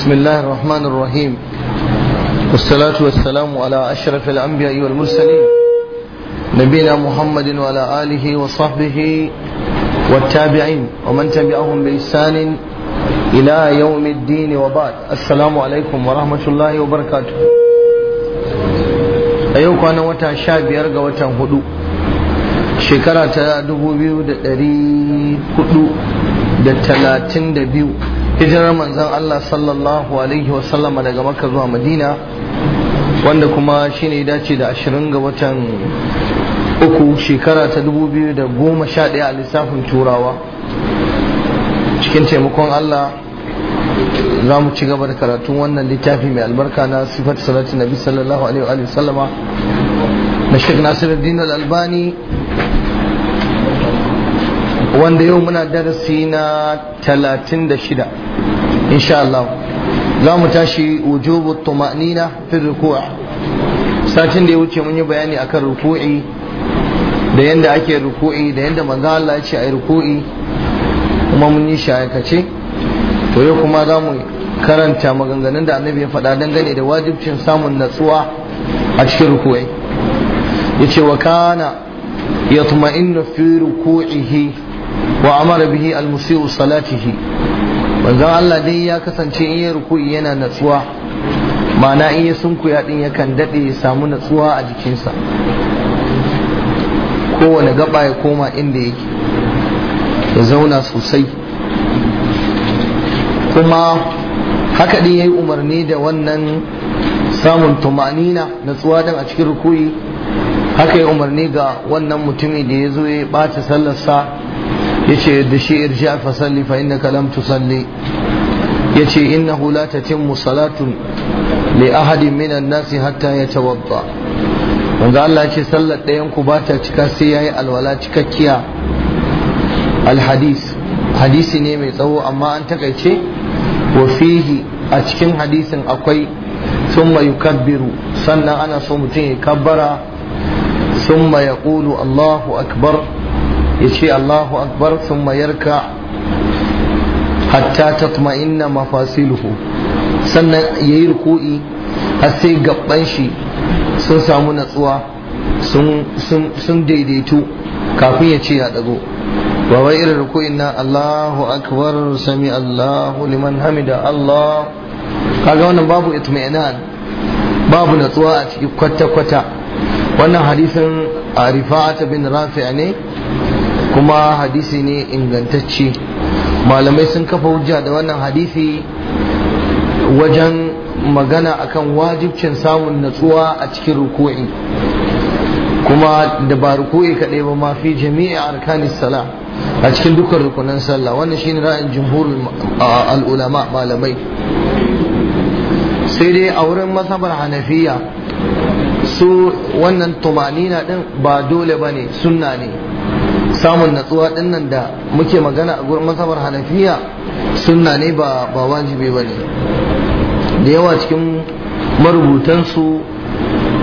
بسم الله الرحمن الرحيم والصلاة والسلام على أشرف الأنبياء والمرسلين نبينا محمد وعلى آله وصحبه والتابعين ومن تبعهم بإحسان إلى يوم الدين وبعد السلام عليكم ورحمة الله وبركاته أيوك أنا وتا شاب يرقى وتا هدوء شكرا تلا دبو بيو دا تلاتين دبيو hijirar manzan Allah sallallahu alaihi wasallama daga makka zuwa madina wanda kuma shi ne dace da 20 ga watan uku shekara ta 2011 a lissafin turawa cikin taimakon Allah za mu ci gaba da karatun wannan littafi mai albarka na sifat salatu nabi sallallahu alaihi wa sallama na shek nasiruddin al-albani wanda yau muna darasi na 36 insha Allah za mu tashi wujubu tumanina fi ruku'a satin da ya wuce mun yi bayani akan ruku'i da yanda ake ruku'i da yanda manzo Allah ya ce ai ruku'i kuma mun yi shi to yau kuma za mu karanta maganganun da annabi ya faɗa dangane da wajibcin samun natsuwa a cikin ruku'i yace wa kana yatma'innu fi ruku'ihi wa amara bihi al-musii'u salatihi manzon Allah dai ya kasance in ya ruku'i yana natsuwa ma'ana in ya sunkuya din yakan dade ya samu natsuwa a jikinsa kowane gaba ya koma inda yake ya zauna sosai kuma haka din yayi umarni da wannan samun tumanina natsuwa din a cikin ruku'i haka ya umarni ga wannan mutumi da ya zo ya ɓata sallarsa yace da shi irja fa salli fa innaka lam tusalli yace innahu la tatimmu salatun li ahadin minan nasi hatta yatawadda wanda Allah yace sallar ɗayan ku ba ta cika sai yayi alwala cikakkiya alhadis hadisi ne mai tsawo amma an takaice wa fihi a cikin hadisin akwai summa yukabbiru sannan ana so mutum ya kabbara summa yaqulu Allahu akbar yace Allahu akbar thumma yarka hatta tatma'inna mafasiluhu sannan ya yi ruku'i har sai gaban shi sun samu natsuwa sun daidaitu kafin ya ce ya dago Babai irin ruku'in na Allahu akbar sami Allahu liman hamida Allah kaga wannan babu itmi'nan babu natsuwa a cikin kwata-kwata wannan hadisin arifa'ata bin rafi'a ne kuma hadisi ne ingantacce malamai sun kafa hujja da wannan hadisi wajen magana akan wajibcin samun natsuwa a cikin ruku'i kuma da ba ruku'i kaɗai ba ma fi jami'i arkanis sala a cikin dukkan rukunan sallah wannan shine ra'ayin jumhurul al'ulama malamai sai dai a wurin mazhabar hanafiya su wannan tumanina din ba dole bane sunna ne samun natsuwa dinnan da muke magana a gurin mazhabar hanafiya sunna ne ba ba wajibi bane. da yawa cikin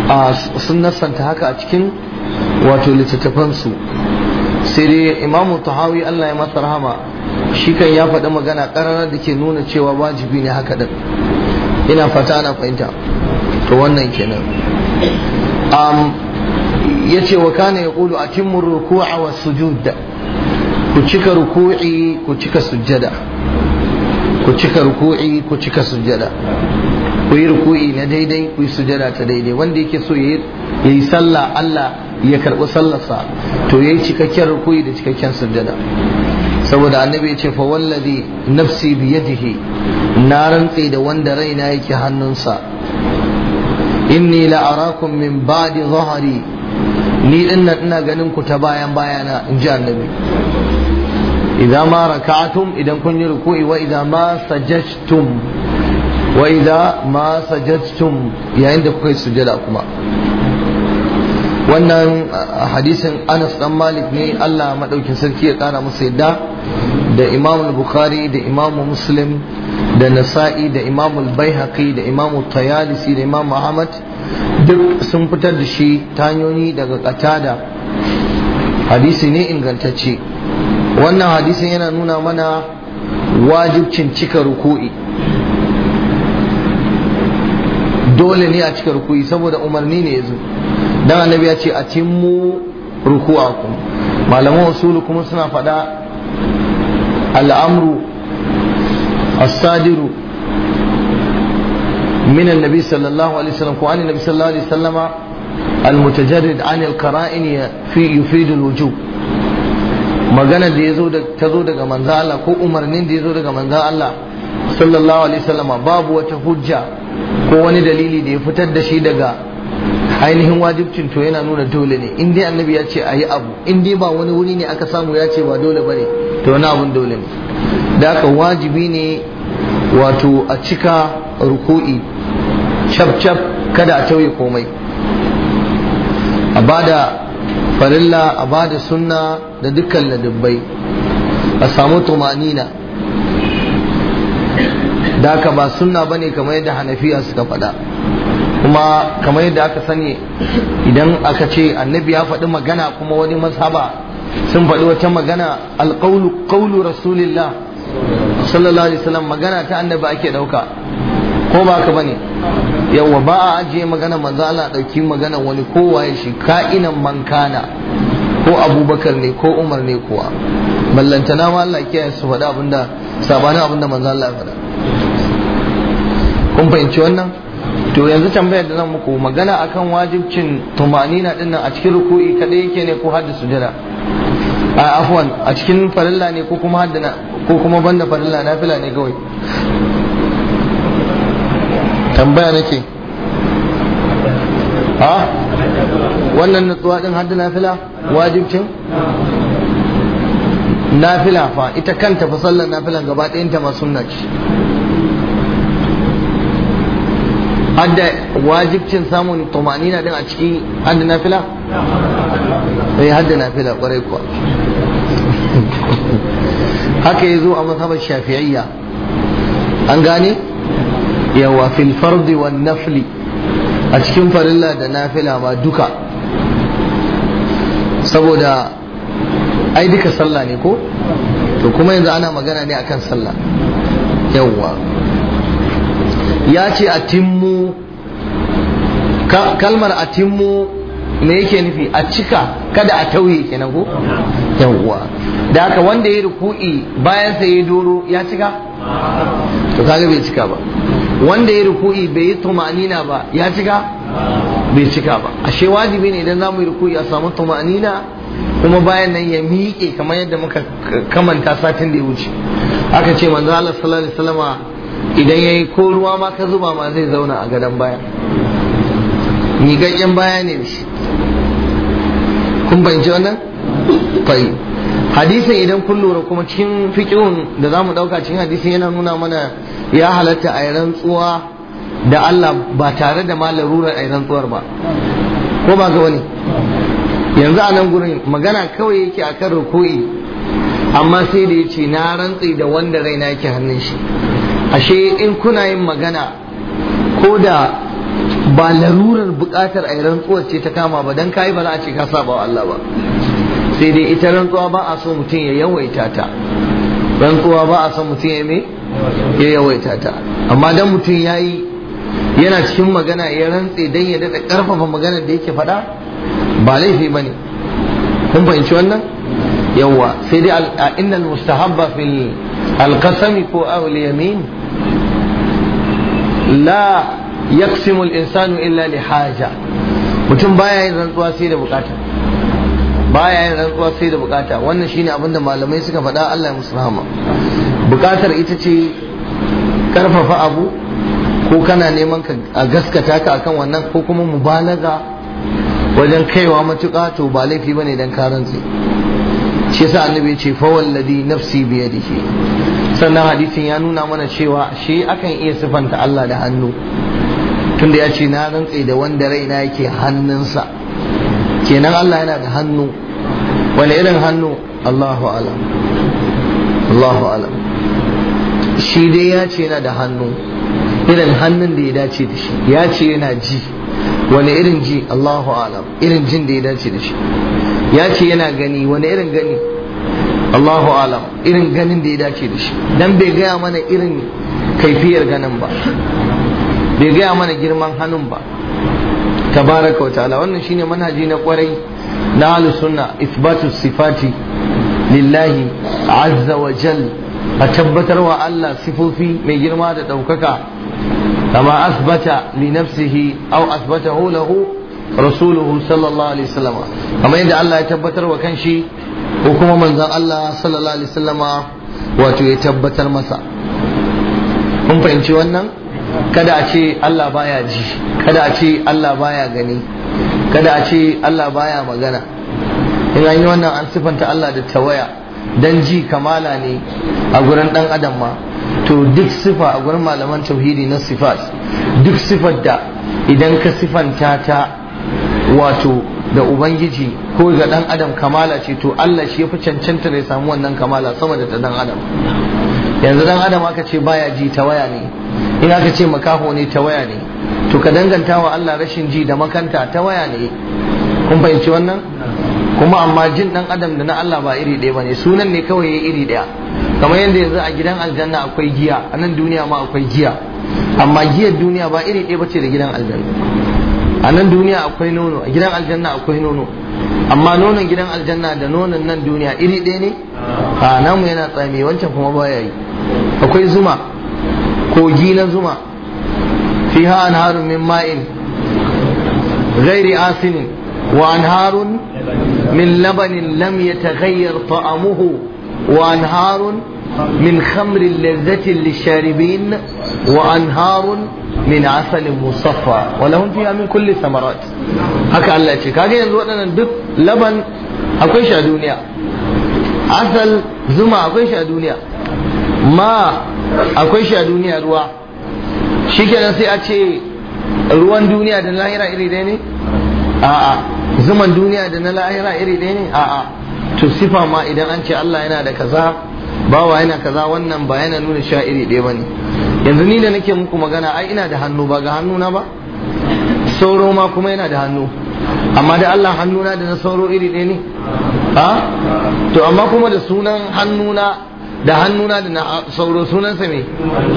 a sun nasanta haka a cikin wato littattafan su sai dai imamu tahawi allah ya masa rahama shi kan ya faɗi magana ƙararar da ke nuna cewa wajibi ne haka din ina fata ana fahimta to wannan kenan yace wa kana ya atimmu a was sujud ku cika ku cika sujjada ku cika ruku'i ku cika sujjada ku yi ruku'i na daidai ku yi sujada ta daidai wanda yake so ya yi sallah Allah ya karɓi sallarsa to ya yi cikakken ruku'i da cikakken sujada saboda annabi ya ce fa wallazi nafsi biyadihi na rantse da wanda raina yake hannunsa inni la arakum min ba'di zahari ni dinnan ina ganin ku ta bayan bayana in ji annabi idan ma raka'atum idan kun yi ruku'i wa idan ma sajajtum wa idan ma yayin da kuka yi sujada kuma wannan hadisin Anas dan Malik ne Allah maɗaukin sarki ya kara musu yadda da Imam Bukhari da Imam Muslim da Nasa'i da Imam Baihaqi da Imam Tayalisi da Imam Ahmad duk sun fitar da shi ta hanyoyi daga katada hadisi ne ingantacce wannan hadisin yana nuna mana wajibcin cika ruku'i dole ne a cika ruku'i saboda umarni ne yazo dan annabi ya ce a timmu ruku'akum malaman usulu kuma suna faɗa al'amru as-sadiru من النبي صلى الله عليه وسلم قال النبي صلى الله عليه وسلم المتجرد عن القرائن في يفيد الوجوب magana دي yazo da tazo daga manzo Allah ko umarnin دي yazo daga manzo الله صلى الله عليه وسلم باب hujja ko wani dalili da ya fitar da shi ainihin wajibcin to yana nuna dole ne in dai annabi ya ce ayi abu in dai ba wani wuri ne aka samu ya ce ba dole bane to wani abun dole ne da aka wajibi ne wato a cika ruku'i cap kada a tauye komai a bada farilla a bada sunna da dukkan ladabbai a samu tumanina da haka ba sunna ne kamar yadda hanafiya suka fada kuma kamar yadda aka sani idan aka ce annabi ya faɗi magana kuma wani mazhaba sun faɗi wata magana alƙaulu ƙaulu rasulillah sallallahu alaihi wasallam magana ta annabi ake ɗauka ko ba ka bane yawa ba a ajiye magana manzo Allah dauki magana wani kowaye shi ka'inan mankana ko abubakar ne ko umar ne kuwa ballantana ma Allah kiyaye su faɗa abinda sabanin abinda manzo Allah faɗa kun fahimci wannan to yanzu tambayar da zan muku magana akan wajibcin tumanina nan a cikin ruku'i kadai yake ne ko hadda sujada a afwan a cikin farilla ne ko kuma hadda ko kuma banda farilla nafila ne kawai tambaya nake ha wannan nutsuwa din hadda nafila wajibcin nafila fa ita kanta fa sallar nafilan gaba ɗayanta ma sunna ce hadda wajibcin samun tumanina din a ciki hadda nafila sai eh, hadda nafila kwarai kuwa haka yazo a mazhabar shafi'iyya an gane yawa fil fardi wan nafli a cikin farilla da nafila ma duka saboda ai duka sallah ne ko to kuma yanzu ana magana ne akan sallah yawa ya ce a timmu kalmar a timmu me yake nufi a cika kada a tauye kenan ko yawwa da haka wanda ya ruku'i bayan sa ya doro ya cika to kaga bai cika ba wanda ya ruku'i bai yi tuma'anina ba ya cika bai cika ba ashe wajibi ne idan zamu yi ruku'i a samu tumanina kuma bayan nan ya miƙe kamar yadda muka kamanta satin da ya wuce aka ce manzo Allah sallallahu alaihi wasallama idan yayi ko ruwa ma ka zuba ma zai zauna a gadon baya Ni miƙaƙƙen baya ne shi kun bayyana wannan fai hadisin idan kun lura kuma cikin fiqhun da zamu dauka cikin hadisin yana nuna mana ya halatta a yi rantsuwa da Allah ba tare da ma larurar a yi rantsuwar ba ko ba ga wani yanzu a nan gurin magana kawai yake a kan rukui amma sai da ya ce na rantsi da wanda raina yake hannun shi ashe in kuna yin magana ko da ba larurar bukatar a yi rantsuwar ce ta kama ba don kayi ba za a ce ka saba wa Allah ba sai dai ita rantsuwa ba a so mutum ya yawaita ta rantsuwa ba a so mutum ya mai ya yawaita ta amma dan mutum ya yi yana cikin magana ya rantse dan ya daɗa ƙarfafa magana da yake faɗa ba laifi ba ne kun fahimci wannan yawwa sai dai a innal mustahabba fil alƙasami ko aw yamin la yaksimul insanu illa li mutum baya yin rantsuwa sai da bukata baya yin rantsuwa sai da bukata wannan shine abin da malamai suka faɗa Allah ya musu rahama bukatar ita ce karfafa abu ko kana neman ka a gaskata ka akan wannan ko kuma mubalaga wajen kaiwa matuƙa to ba laifi bane dan ka rantse? shi yasa annabi ya ce fa wallazi nafsi bi yadihi sannan hadisin ya nuna mana cewa shi akan iya sifanta Allah da hannu tunda ya ce na rantsi da wanda raina yake hannunsa kenan Allah yana da hannu wani irin hannu Allahu alam Allahu alam shi dai ya ce yana da hannu irin hannun da ya dace da shi ya ce yana ji wani irin ji Allahu alam irin jin da ya dace da shi ya ce yana gani wani irin gani Allahu alam irin ganin da ya dace da shi dan bai gaya mana irin kaifiyar ganin ba bai gaya mana girman hannun ba tabaraka wa ta'ala wannan shine manhaji na kwarai na ahlus sunna ithbatu sifati lillahi azza wa jal a tabbatar wa Allah sifofi mai girma da daukaka kama asbata li nafsihi aw asbatahu lahu rasuluhu sallallahu alaihi wasallam kamar yadda Allah ya tabbatar wa kanshi ko kuma manzon Allah sallallahu alaihi wasallam wato ya tabbatar masa kun fahimci wannan kada a ce Allah baya ji kada a ce Allah baya gani kada a ce Allah baya magana in yi wannan an sifanta Allah da tawaya dan ji kamala ne a gurin dan adam ma to duk sifa a gurin malaman tauhidi na sifat duk sifar da idan ka sifanta ta wato da ubangiji ko ga dan adam kamala ce to Allah shi ya fi cancanta da ya samu wannan kamala sama da ta dan adam yanzu dan adam aka ce baya ji ta waya ne in aka ce makaho ne ta waya ne to ka danganta wa Allah rashin ji da makanta ta waya ne kun fahimci wannan kuma amma jin dan adam da na Allah ba iri ɗaya bane sunan ne kawai ya iri ɗaya kamar yadda yanzu a gidan aljanna akwai giya a nan duniya ma akwai giya amma giyar duniya ba iri ɗaya bace da gidan aljanna a nan duniya akwai nono a gidan aljanna akwai nono amma nonon gidan aljanna da nonon nan duniya iri ɗaya ne a ah. ah, namu yana tsami wancan kuma baya yi akwai zuma kogi na zuma fi ha an harun min ma'in gairi asinin wa an harun min labanin lam ya taghayyar ta'amuhu wa an harun min khamrin lazzatin lisharibin wa an harun min asalin musaffa wala hun fiya min samarat haka Allah ce kaga yanzu waɗannan duk laban akwai shi a duniya asal zuma akwai shi a duniya ma akwai shi a duniya ruwa shi kenan sai a ce ruwan duniya da lahira iri ɗaya ne a'a zuman duniya da na lahira iri ɗaya ne a'a to sifa ma idan an ce Allah yana da kaza bawa yana kaza wannan ba yana nuna sha iri ɗaya bane yanzu ni da nake muku magana ai ina da hannu ba ga hannu na ba sauro ma kuma yana da hannu amma da Allah hannuna da na sauro iri ɗaya ne a to amma kuma da sunan hannuna da hannuna da na sauro sunansa mai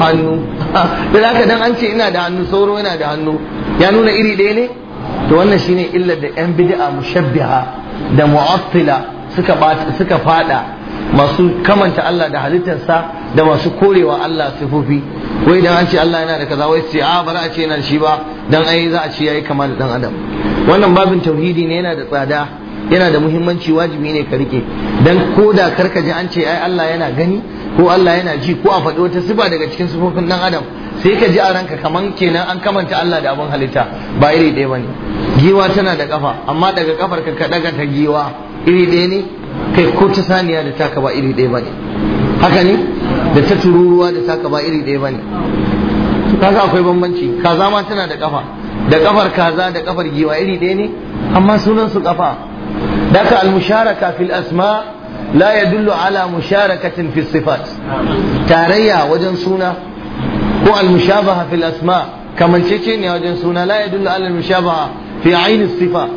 hannu da haka dan an ce ina da hannu sauro yana da hannu ya nuna iri ɗaya ne to wannan shine illar da yan bid'a mushabbiha da mu'attila suka suka fada masu kamanta Allah da halittarsa da masu korewa Allah sifofi wai idan an ce Allah yana da kaza wai ce a ah, baza a ce yana shi ba dan ai za a ce yayi kamar dan adam wannan babin tauhidi ne yana da tsada yana da muhimmanci wajibi ne ka rike dan ko da karka ji an ce ai Allah yana gani ko Allah yana ji ko a faɗi wata sifa daga cikin sifofin dan adam sai ka ji a ranka kaman kenan an kamanta Allah da abin halitta ba iri ɗaya bane giwa tana da kafa amma daga kafar ka daga ta giwa iri ɗaya ne kai ko ta saniya da taka ba iri ɗaya bane haka ne da ta tururuwa da taka ba iri ɗaya bane kaga akwai bambanci kaza ma tana da kafa da kafar kaza da kafar giwa iri ɗaya ne amma sunan su kafa ذاك المشاركة في الأسماء لا يدل على مشاركة في الصفات تاريا وجن سونا هو المشابهة في الأسماء كما تشيني وجن سونا لا يدل على المشابهة في عين الصفة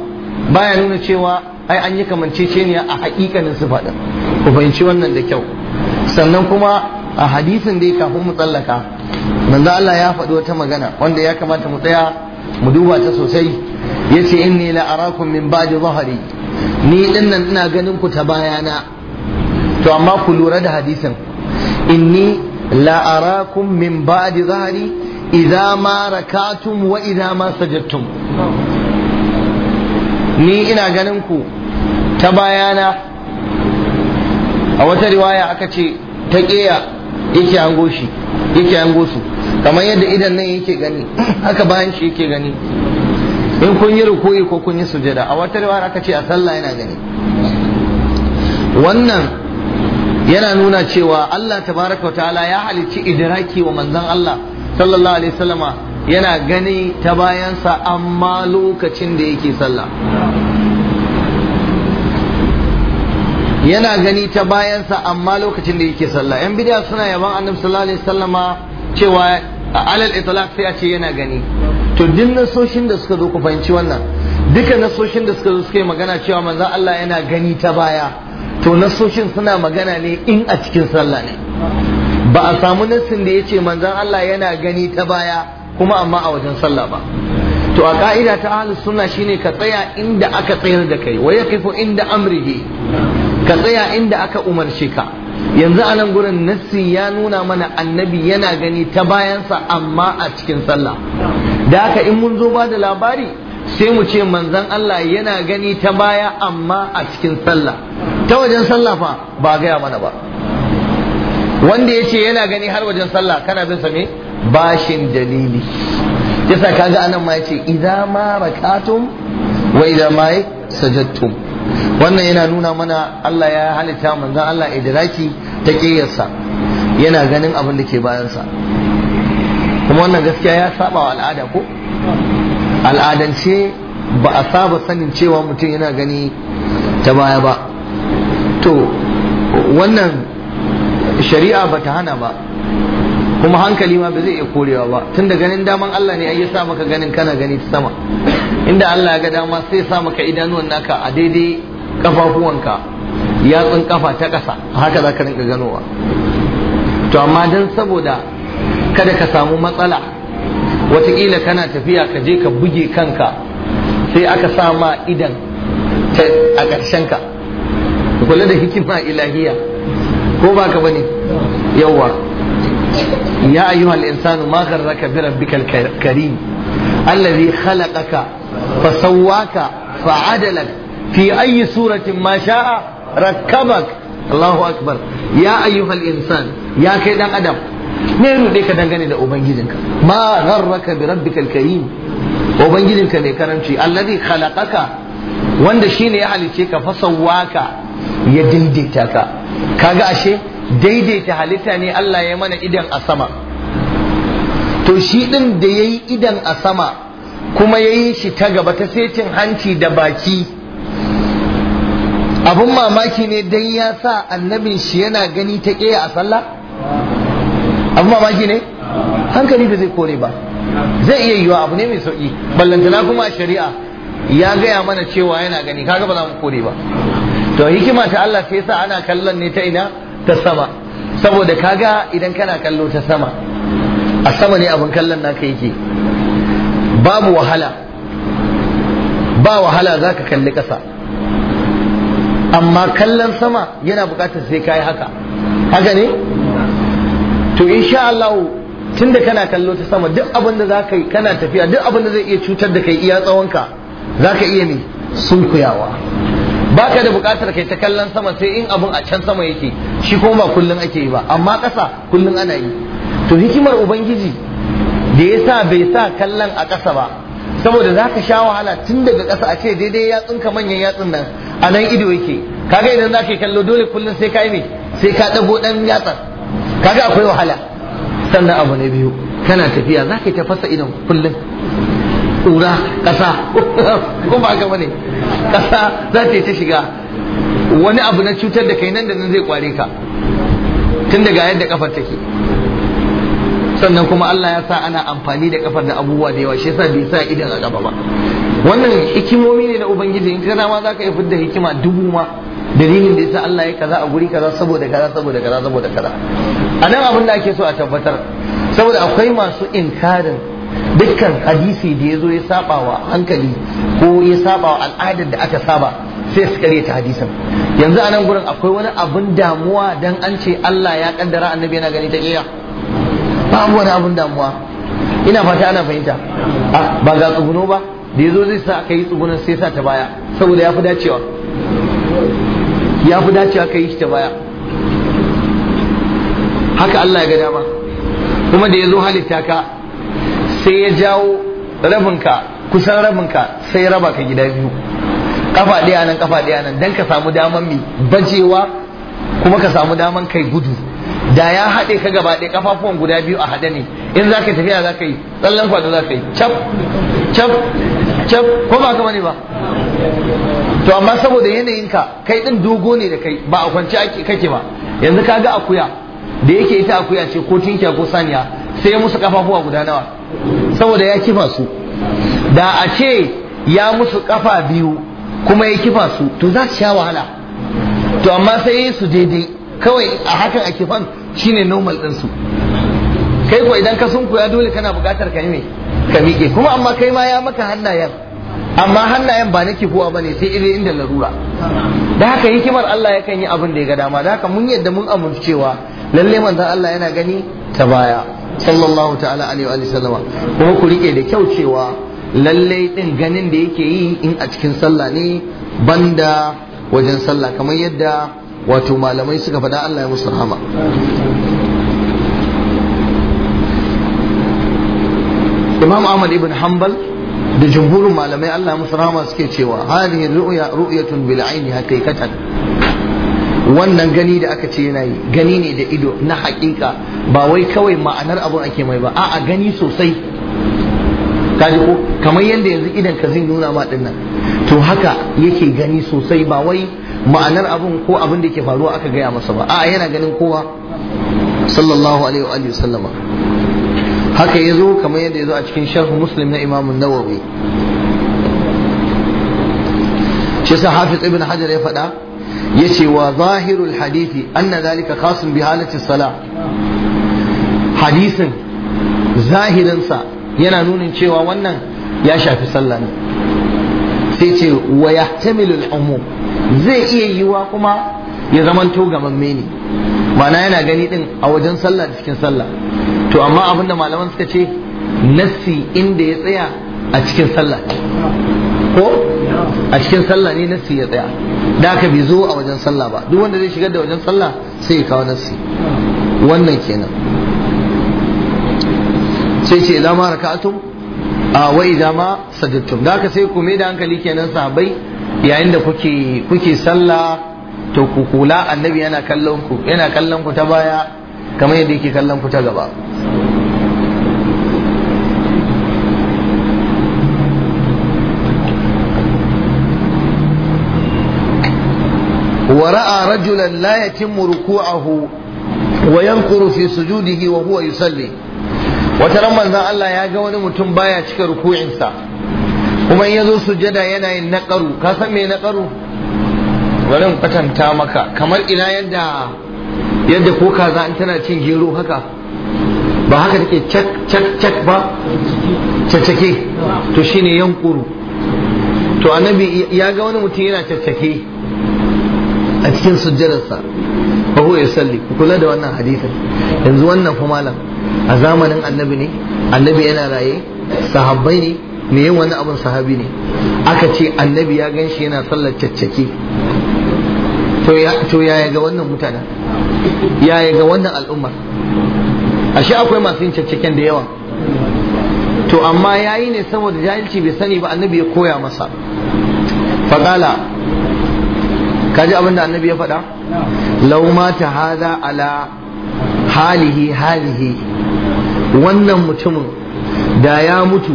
baya nuna cewa ai an yi kamanceceniya a hakikanin sifa din ku fahimci wannan da kyau sannan kuma a hadisin da kafin mu tsallaka manzo Allah ya faɗi wata magana wanda ya kamata mu tsaya mu duba ta sosai yace inni la arakum min ba'di zahari ni dinnan ina ganin ku ta bayana to amma ku lura da hadisin inni la arakum min ba'di zahari idza ma rakatum wa idza ma sajadtum ni ina ganin ku ta bayana a wata riwaya aka ce ta ƙeya yake hango shi yake hango su kamar yadda idan nan yake gani haka bayan shi yake gani in kun yi rukuyi ko kun yi sujada a wata riwaya aka ce a sallah yana gani wannan yana nuna cewa Allah tabaraka wa ta'ala ya halicci idraki wa manzon Allah sallallahu alaihi wasallama yana gani ta bayansa amma lokacin da yake sallah yana gani ta bayansa amma lokacin da yake sallah yan bidiya suna yaban annabi sallallahu alaihi wasallama cewa alal itlaq sai a ce yana gani to duk nasoshin da suka zo ku fahimci wannan duka nasoshin da suka zo suka yi magana cewa manzon Allah yana gani ta baya to nasoshin suna magana ne in a cikin sallah ne ba a samu nassin da yace manzon Allah yana gani ta baya kuma amma a wajen sallah ba to a ka'ida ta ahlus sunna shine ka tsaya inda aka tsayar da kai wa yaqifu inda amrihi ka tsaya inda aka umarce ka yanzu anan gurin nassi ya nuna mana annabi yana gani ta bayansa amma a cikin sallah da haka in mun zo ba da labari sai mu ce manzan Allah yana gani ta baya amma a cikin sallah ta wajen sallah fa ba gaya mana ba wanda ya ce yana gani har wajen sallah kana bin sa me bashin dalili yasa kaga anan ma yace idza ma rakatum wa idza ma sajadtum wannan yana nuna mana Allah ya halitta manzon Allah idraki ta ƙeyarsa yana ganin abin da ke bayansa kuma wannan gaskiya ya saba wa al'ada ko al'adance ba a saba sanin cewa mutum yana gani ta baya ba to wannan shari'a ba ta hana ba kuma hankali ma ba zai iya korewa ba tun da ganin daman Allah ne ya sa maka ganin kana gani ta sama inda Allah ya ga dama sai ya sa maka idanuwan naka a daidai kafafuwanka yatsun kafa ta kasa haka za ka rinka ganowa to amma dan saboda kada ka samu matsala watakila kana tafiya ka je ka buge kanka sai aka sa ma idan a ƙarshen ka kula da hikima ilahiya ko ba ka bane yawwa يا أيها الإنسان ما غرك بربك الكريم الذي خلقك فسواك فعدلك في أي سورة ما شاء ركبك Allahu akbar ya ayyuhal insan ya kai dan adam me rude ka dangane da ubangijinka ma gharraka bi rabbikal karim ubangijinka mai karamci alladhi khalaqaka wanda shine ya halice ka fasawwaka ya daidaita ka Ka ga ashe daidaita halitta ne Allah ya mana idan a sama to shi ɗin da ya yi idan a sama kuma ya yi shi ta gaba ta secin hanci da baki abun mamaki ne don ya sa annabin shi yana gani ta ƙeya a sallah abun mamaki ne hankali da zai kore ba zai iya yiwa abu ne mai sauƙi ballantana kuma shari'a ya gaya mana cewa yana gani kaga ba za mu kore ba to hikima ta Allah sai sa ana kallon ne ta ina ta sama saboda kaga idan kana kallo ta sama a sama ne abin kallon naka yake babu wahala ba wahala za ka kalli kasa. amma kallon sama yana buƙatar sai kayi haka haka ne to insha Allah da kana kallo ta sama duk abin da za ka yi kana tafiya duk abin da zai iya cutar da kai iya tsawonka za ka iya ne sunkuyawa Ba ka da bukatar kai ta kallon sama sai in abun a can sama yake shi kuma ba kullun ake yi ba amma ƙasa kullun ana yi to hikimar ubangiji da ya sa bai sa kallon a ƙasa ba saboda za ka sha wahala tun daga ƙasa a ce daidai yatsun ka manyan yatsun nan a nan ido yake kaga idan za ka kallo dole kullum sai ka yi mai sai ka ɗago ɗan yatsan kaga akwai wahala sannan abu na biyu kana tafiya za ka yi ta fasa idon kullum tsura ƙasa ko ba ga bane ƙasa za ta yi ta shiga wani abu na cutar da kai nan da nan zai kware ka tun daga yadda kafar take sannan kuma Allah ya sa ana amfani da kafar da abubuwa da yawa shi yasa bai sa idan a gaba ba wannan hikimomi ne na ubangiji in ka dama zaka yi fidda hikima dubu ma dalilin da yasa Allah ya kaza a guri kaza saboda kaza saboda kaza saboda kaza a abin da ake so a tabbatar saboda akwai masu inkarin dukkan hadisi da ya zo ya saba wa hankali ko ya saba wa al'adar da aka saba sai su kare ta hadisin yanzu a nan gurin akwai wani abun damuwa dan an ce Allah ya kaddara annabi yana gani ta iya ba wani abun damuwa ina fata ana fahimta ba ga tsuguno ba da yazo zai sa aka yi tsugunan sai sa ta baya saboda ya fi dacewa ya fi dacewa ka yi shi ta baya haka Allah ya ga dama kuma da ya zo halitta ka sai ya jawo rabinka kusan rabinka sai raba ka gida biyu kafa ɗaya nan kafa ɗaya nan dan ka samu daman mi bajewa kuma ka samu daman kai gudu da ya haɗe ka gaba ɗaya kafafuwan guda biyu a haɗe ne in za ka tafiya za ka yi tsallan kwado za ka yi cap cap cap ko ba ka bane ba to amma saboda yanayinka kai ɗin dogo ne da kai ba a kwance kake ba yanzu ka ga akuya da yake ita akuya ce ko tinkiya ko saniya sai musu kafafuwa guda nawa saboda ya kifa su da a ce ya musu kafa biyu kuma ya kifa su to za su sha wahala to amma sai yi su daidai kawai a hakan a kifan shine normal ɗansu. kai ko idan ka sun koya dole kana bukatar ka yi mai ka miƙe kuma amma kai ma ya maka hannayen amma hannayen ba na kifuwa ba ne sai iri inda larura da haka hikimar Allah yakan yi abin da ya ga dama da haka mun yadda mun amincewa lalle manzon Allah yana gani ta baya sallallahu ta'ala alaihi wa sallama kuma ku rike da kyau cewa lallai din ganin da yake yi in a cikin sallah ne banda wajen sallah kamar yadda wato malamai suka faɗa Allah ya musu rahama Imam Ahmad ibn Hanbal da jumhurin malamai Allah ya musu rahama suke cewa hadhihi ru'ya ru'yatun bil aini hakikatan wannan gani da aka ce yana yi gani ne da ido na hakika ba wai kawai ma'anar abun ake mai ba a'a gani sosai kaji ko kamar yadda yanzu idan ka zai nuna ma dinnan to haka yake gani sosai ba wai ma'anar abun ko abin da ke faruwa aka gaya masa ba a'a yana ganin kowa sallallahu alaihi wa sallama haka ya zo kamar yadda ya zo a cikin sharh muslim na imam nawawi shi sa hafiz ibn hajar ya faɗa yace wa zahirul hadithi anna zalika khasun bi halati Sala. hadisin zahirinsa yana nunin cewa wannan ya shafi sallah ne sai ce wa al umum zai iya yiwa kuma ya zamanto Mamme ne ma'ana yana gani din a wajen sallah da cikin sallah to amma abinda malaman suka ce nassi inda ya tsaya a cikin sallah ko a cikin sallah ne nassi ya tsaya da aka bi zo a wajen sallah ba duk wanda zai shigar da wajen sallah sai ya kawo nassi wannan kenan sai ce idan ma raka'atum wa idan ma sajadtum da ka sai ku da hankali kenan sahabbai yayin da kuke sallah to ku kula annabi yana kallon ku yana kallon ku ta baya kamar yadda yake kallon ku ta gaba ورأى رجلا لا يتم ركوعه وينقر في سجوده وهو يصلي وترمى ذا الله يا قول متم بايا تشكر ركوع انسا ومن يذو سجدا ينا ينقر كاسم من نقر ولم قتن تامك كما إلى يدا يدا كوكا ذا انتنا تنجيرو هكا ba haka take cak cak cak ba caccake to shine yankuru to annabi ya ga wani mutum yana caccake a cikin ba ku ya salli, ku kula da wannan hadisin yanzu wannan fa malam a zamanin annabi ne annabi yana raye sahabbai ne me yin wani abun sahabi ne aka ce annabi ya ganshi yana sallar caccaki. to ya ga wannan mutanen Ya ga wannan al'ummar ashe akwai masu yin caccaken da yawa to amma yayi ne saboda jahilci bai sani ba annabi ya koya masa faqala kaji abinda annabi ya faɗa lauma mata haza ala halihi halihi wannan mutumin da ya mutu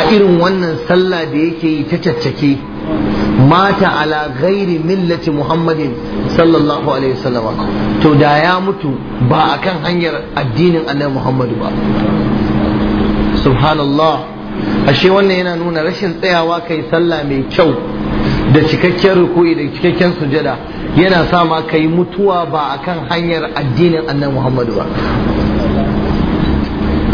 a irin wannan sallah da yake yi ta caccake mata ala ghairi millati muhammadin sallallahu alaihi wasallam to da ya mutu ba akan hanyar addinin annabi muhammadu ba subhanallah ashe wannan yana nuna rashin tsayawa kai sallah mai kyau da cikakken ruku'i da cikakken sujada yana sa ma kai mutuwa ba akan hanyar addinin annabi Muhammadu ba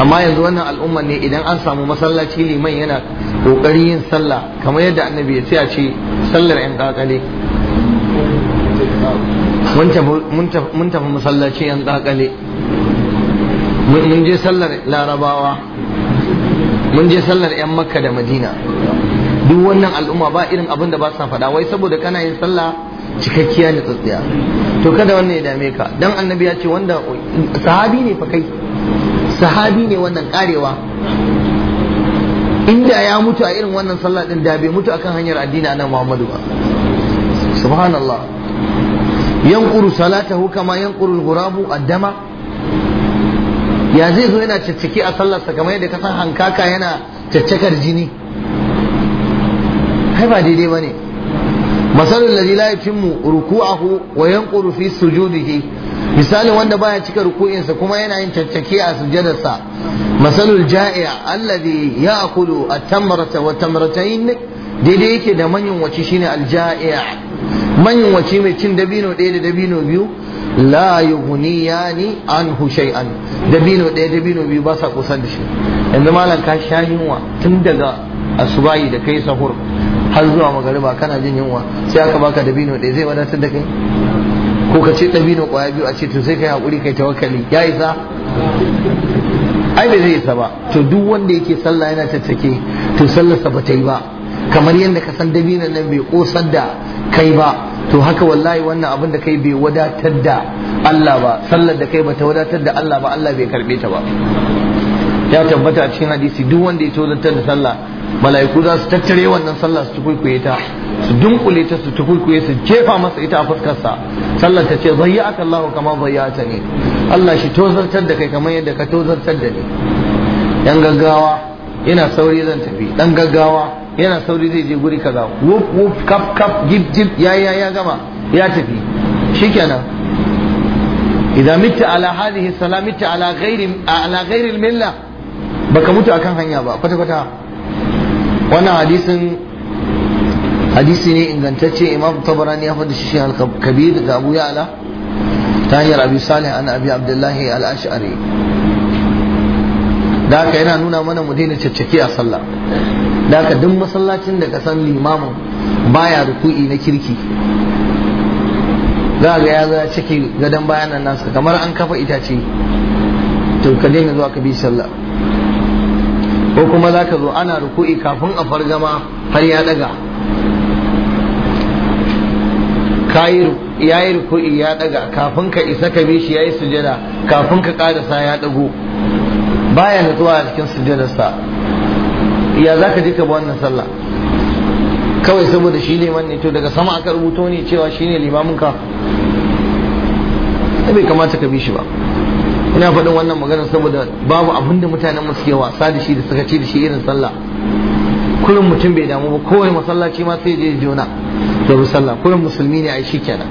amma yanzu wannan al'umma ne idan an samu masallaci liman yana kokarin yin sallah kamar yadda annabi ya ce a ce sallar yan kakale mun tafi masallaci yan kakale mun je sallar larabawa mun je sallar yan makka da madina duk wannan al'umma ba irin abin da ba sa faɗa wai saboda kana yin sallah cikakkiya ne tsatsiya to kada wannan ya dame ka dan annabi ya ce wanda sahabi ne fa kai sahabi ne wannan karewa inda ya mutu a irin wannan sallah din da bai mutu akan hanyar addini annabi Muhammadu ba subhanallah yanquru salatahu kama yanquru al-ghurabu ad-dama ya zai zo yana cicciki a sallarsa kamar yadda ka san hankaka yana caccakar jini kai ba daidai bane masalul ladhi la yatimmu ruku'ahu wa yanquru fi sujudihi misalin wanda baya cika sa kuma yana yin caccake a sujadarsa masalul ja'i'a alladhi ya'kulu at-tamrata wa tamratayn daidai yake da manyan wace shine al jaia manyan wace mai cin dabino ɗaya da dabino biyu la an anhu shay'an dabino ɗaya dabino biyu ba sa kusan da shi yanzu malam ka sha yunwa tun daga asubahi da kai sahur har zuwa magariba kana jin yunwa sai aka baka dabino ɗaya zai wadatar da kai ko ka ce dabino kwaya biyu a ce to sai kai hakuri kai tawakkali ya isa ai bai zai isa ba to duk wanda yake sallah yana tattake to sallarsa ba ta yi ba kamar yadda ka san dabino nan bai kosar da kai ba to haka wallahi wannan abin da kai bai wadatar da Allah ba sallar da kai ba ta wadatar da Allah ba Allah bai karbe ta ba ya tabbata cikin hadisi duk wanda ya tozantar da sallah mala'iku za su tattare wannan sallah su tukuikuye ta su dunkule ta su tukuikuye su jefa masa ita a fuskarsa sallar ta ce zayyaka Allah kama zayyata ne Allah shi tozartar da kai kamar yadda ka tozartar da ni yan gaggawa yana sauri zan tafi dan gaggawa yana sauri zai je guri kaza wuf wuf kap kap jib jib ya ya ya gama ya tafi shikenan idan mitta ala hadhihi salamita ala ghairi ala ghairi al-milla baka mutu akan hanya ba kwata kwata wannan hadisin hadisi ne ingantacce imam tabarani ya faɗi shi al-kabir daga abu ya'la ta hanyar abu salih an abi abdullahi al-ash'ari da haka yana nuna mana mu daina caccaki a sallah da haka duk masallacin da ka san limamin baya ruku'i na kirki za ga ya za cike gadon bayanan nasa kamar an kafa itace to ka daina zuwa ka bi sallah ko kuma za ka zo ana ruku'i kafin a fargama har ya daga ya yi ruku'i ya daga kafin ka isa ka bishi ya yi sujada kafin ka karasa ya dago baya nutsuwa a cikin sujadarsa ya za ka jika ka wannan sallah kawai saboda shi ne ne to daga sama aka rubuto ne cewa shi ne limaminka bai kamata ka bishi ba ina faɗin wannan magana saboda babu abin da mutanen mu suke wasa da shi da suka ce da shi irin sallah kullum mutum bai damu ba kowai masallaci ma sai je jona da sallah kullum musulmi ne ai shikenan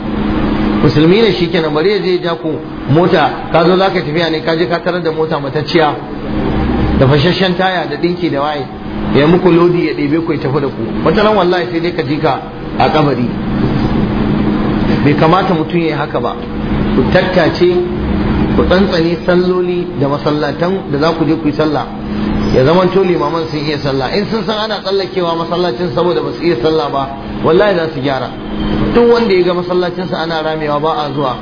musulmi ne shikenan bari ya je ja ku mota ka zo zaka tafiya ne ka je ka tarar da mota matacciya da fashashen taya da dinki da waye ya muku lodi ya ɗebe ku ya tafi da ku wata wallahi sai dai ka ji ka a kabari bai kamata mutum ya yi haka ba ku tattace ku tsantsane salloli da masallatan da za ku je ku yi sallah ya zama to limaman sun iya sallah in sun san ana tsallakewa masallacin saboda ba su iya sallah ba wallahi za su gyara duk wanda ya ga masallacin sa ana ramewa ba a zuwa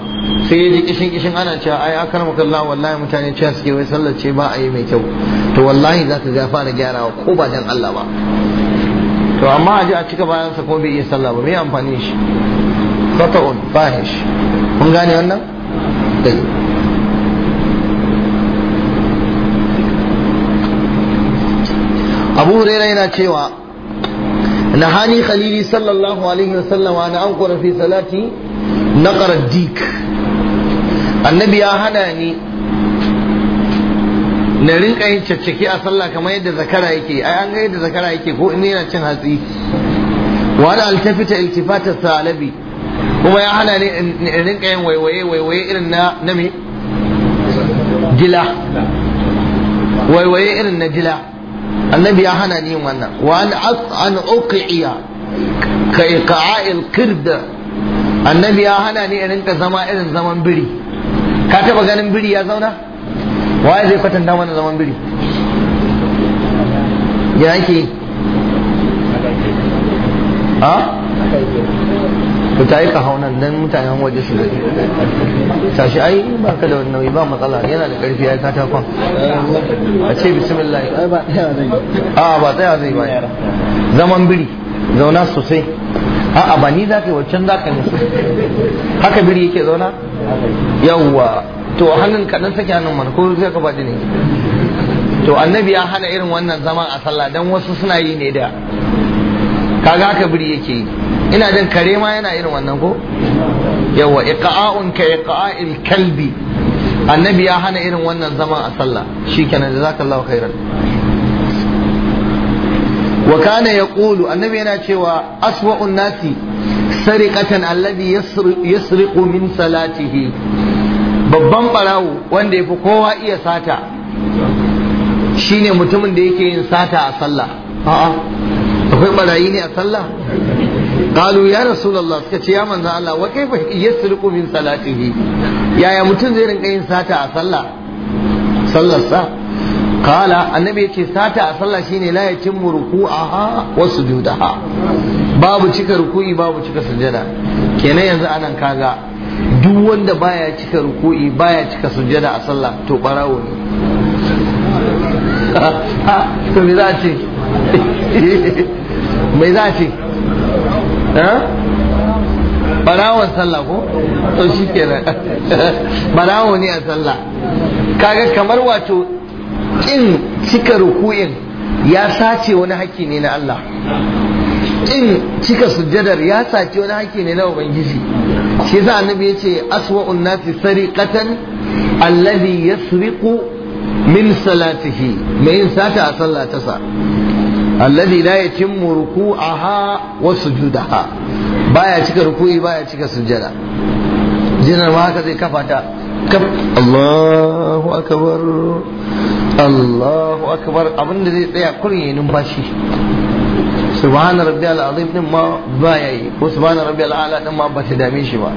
sai ya ji kishin kishin ana cewa ai akramakallah wallahi mutane cewa suke wai sallar ba a yi mai kyau to wallahi za ka ga fara gyarawa ko ba dan Allah ba to amma a ji a cika bayan sa ko bai iya sallah ba me amfani shi fata'un fahish kun gane wannan abu huraira yana cewa nahani khalili sallallahu alaihi wasallam an anqura fi salati na dik annabi ya hana ni na rinka yin caccaki a sallah kamar yadda zakara yake ai an ga yadda zakara yake ko in yana cin hatsi wa ana altafita iltifata salabi kuma ya hana ni in rinka yin waiwaye waiwaye irin na na me gila waiwaye irin na gila annabi ya hana ni wannan wa an an uqiya ka iqa'il qird annabi ya hana ni irin ka zama irin zaman biri ka taba ganin biri ya zauna waye zai kwatanta mana zaman biri ya yake ha to ta yi ka haunan dan mutanen waje su gani tashi ai ba ka da nauyi ba matsala yana da karfi ai katakon a ce bismillah ai ba tsaya zai a ba tsaya zai ba zaman biri zauna sosai a'a ba ni za ka yi waccan za ka ne haka biri yake zauna yawwa to hannun kaɗan sake hannun mana ko zai ka baɗi ne to annabi ya hana irin wannan zaman a sallah dan wasu suna yi ne da kaga haka biri yake yi ina jin kare ma yana irin wannan ko yawa iqa'un ka iqa'il kalbi annabi ya hana irin wannan zaman a sallah shikenan jazakallahu khairan wa kana yaqulu annabi yana cewa aswa'un nasi sariqatan alladhi yasriqu min salatihi babban barawo wanda yafi kowa iya sata shine mutumin da yake yin sata a sallah a'a akwai barayi ne a sallah qalu ya rasulullah suka ce ya manzo Allah wa kaifa yasriqu min salatihi yaya mutum zai rinka yin sata a sallah sallar sa qala annabi yace sata a sallah shine la yatimmu ruku'aha wa sujudaha babu cika ruku'i babu cika sujada kenan yanzu anan kaga duk wanda baya cika ruku'i baya cika sujada a sallah to barawo ne Eh? barawon sallah ko to shi kenan barawo ne a sallah kaga kamar wato ƙin cika ruku'in ya sace wani haƙƙi ne na Allah Ƙin cika sujjadar ya sace wani haƙƙi ne na ubangiji shi yasa annabi yace aswa'un nasi sariqatan alladhi yasriqu min salatihi mai yin sata a sallah ta sa alladhi la yatimmu ruku'aha wa sujudaha baya cika ruku'i baya cika sujada jinar ma haka zai kafa ta Allahu akbar Allahu akbar abinda zai tsaya kurin yayin bashi. subhan rabbiyal azim din ma baya yi ko subhan rabbiyal ala din ma ba ta dame shi ba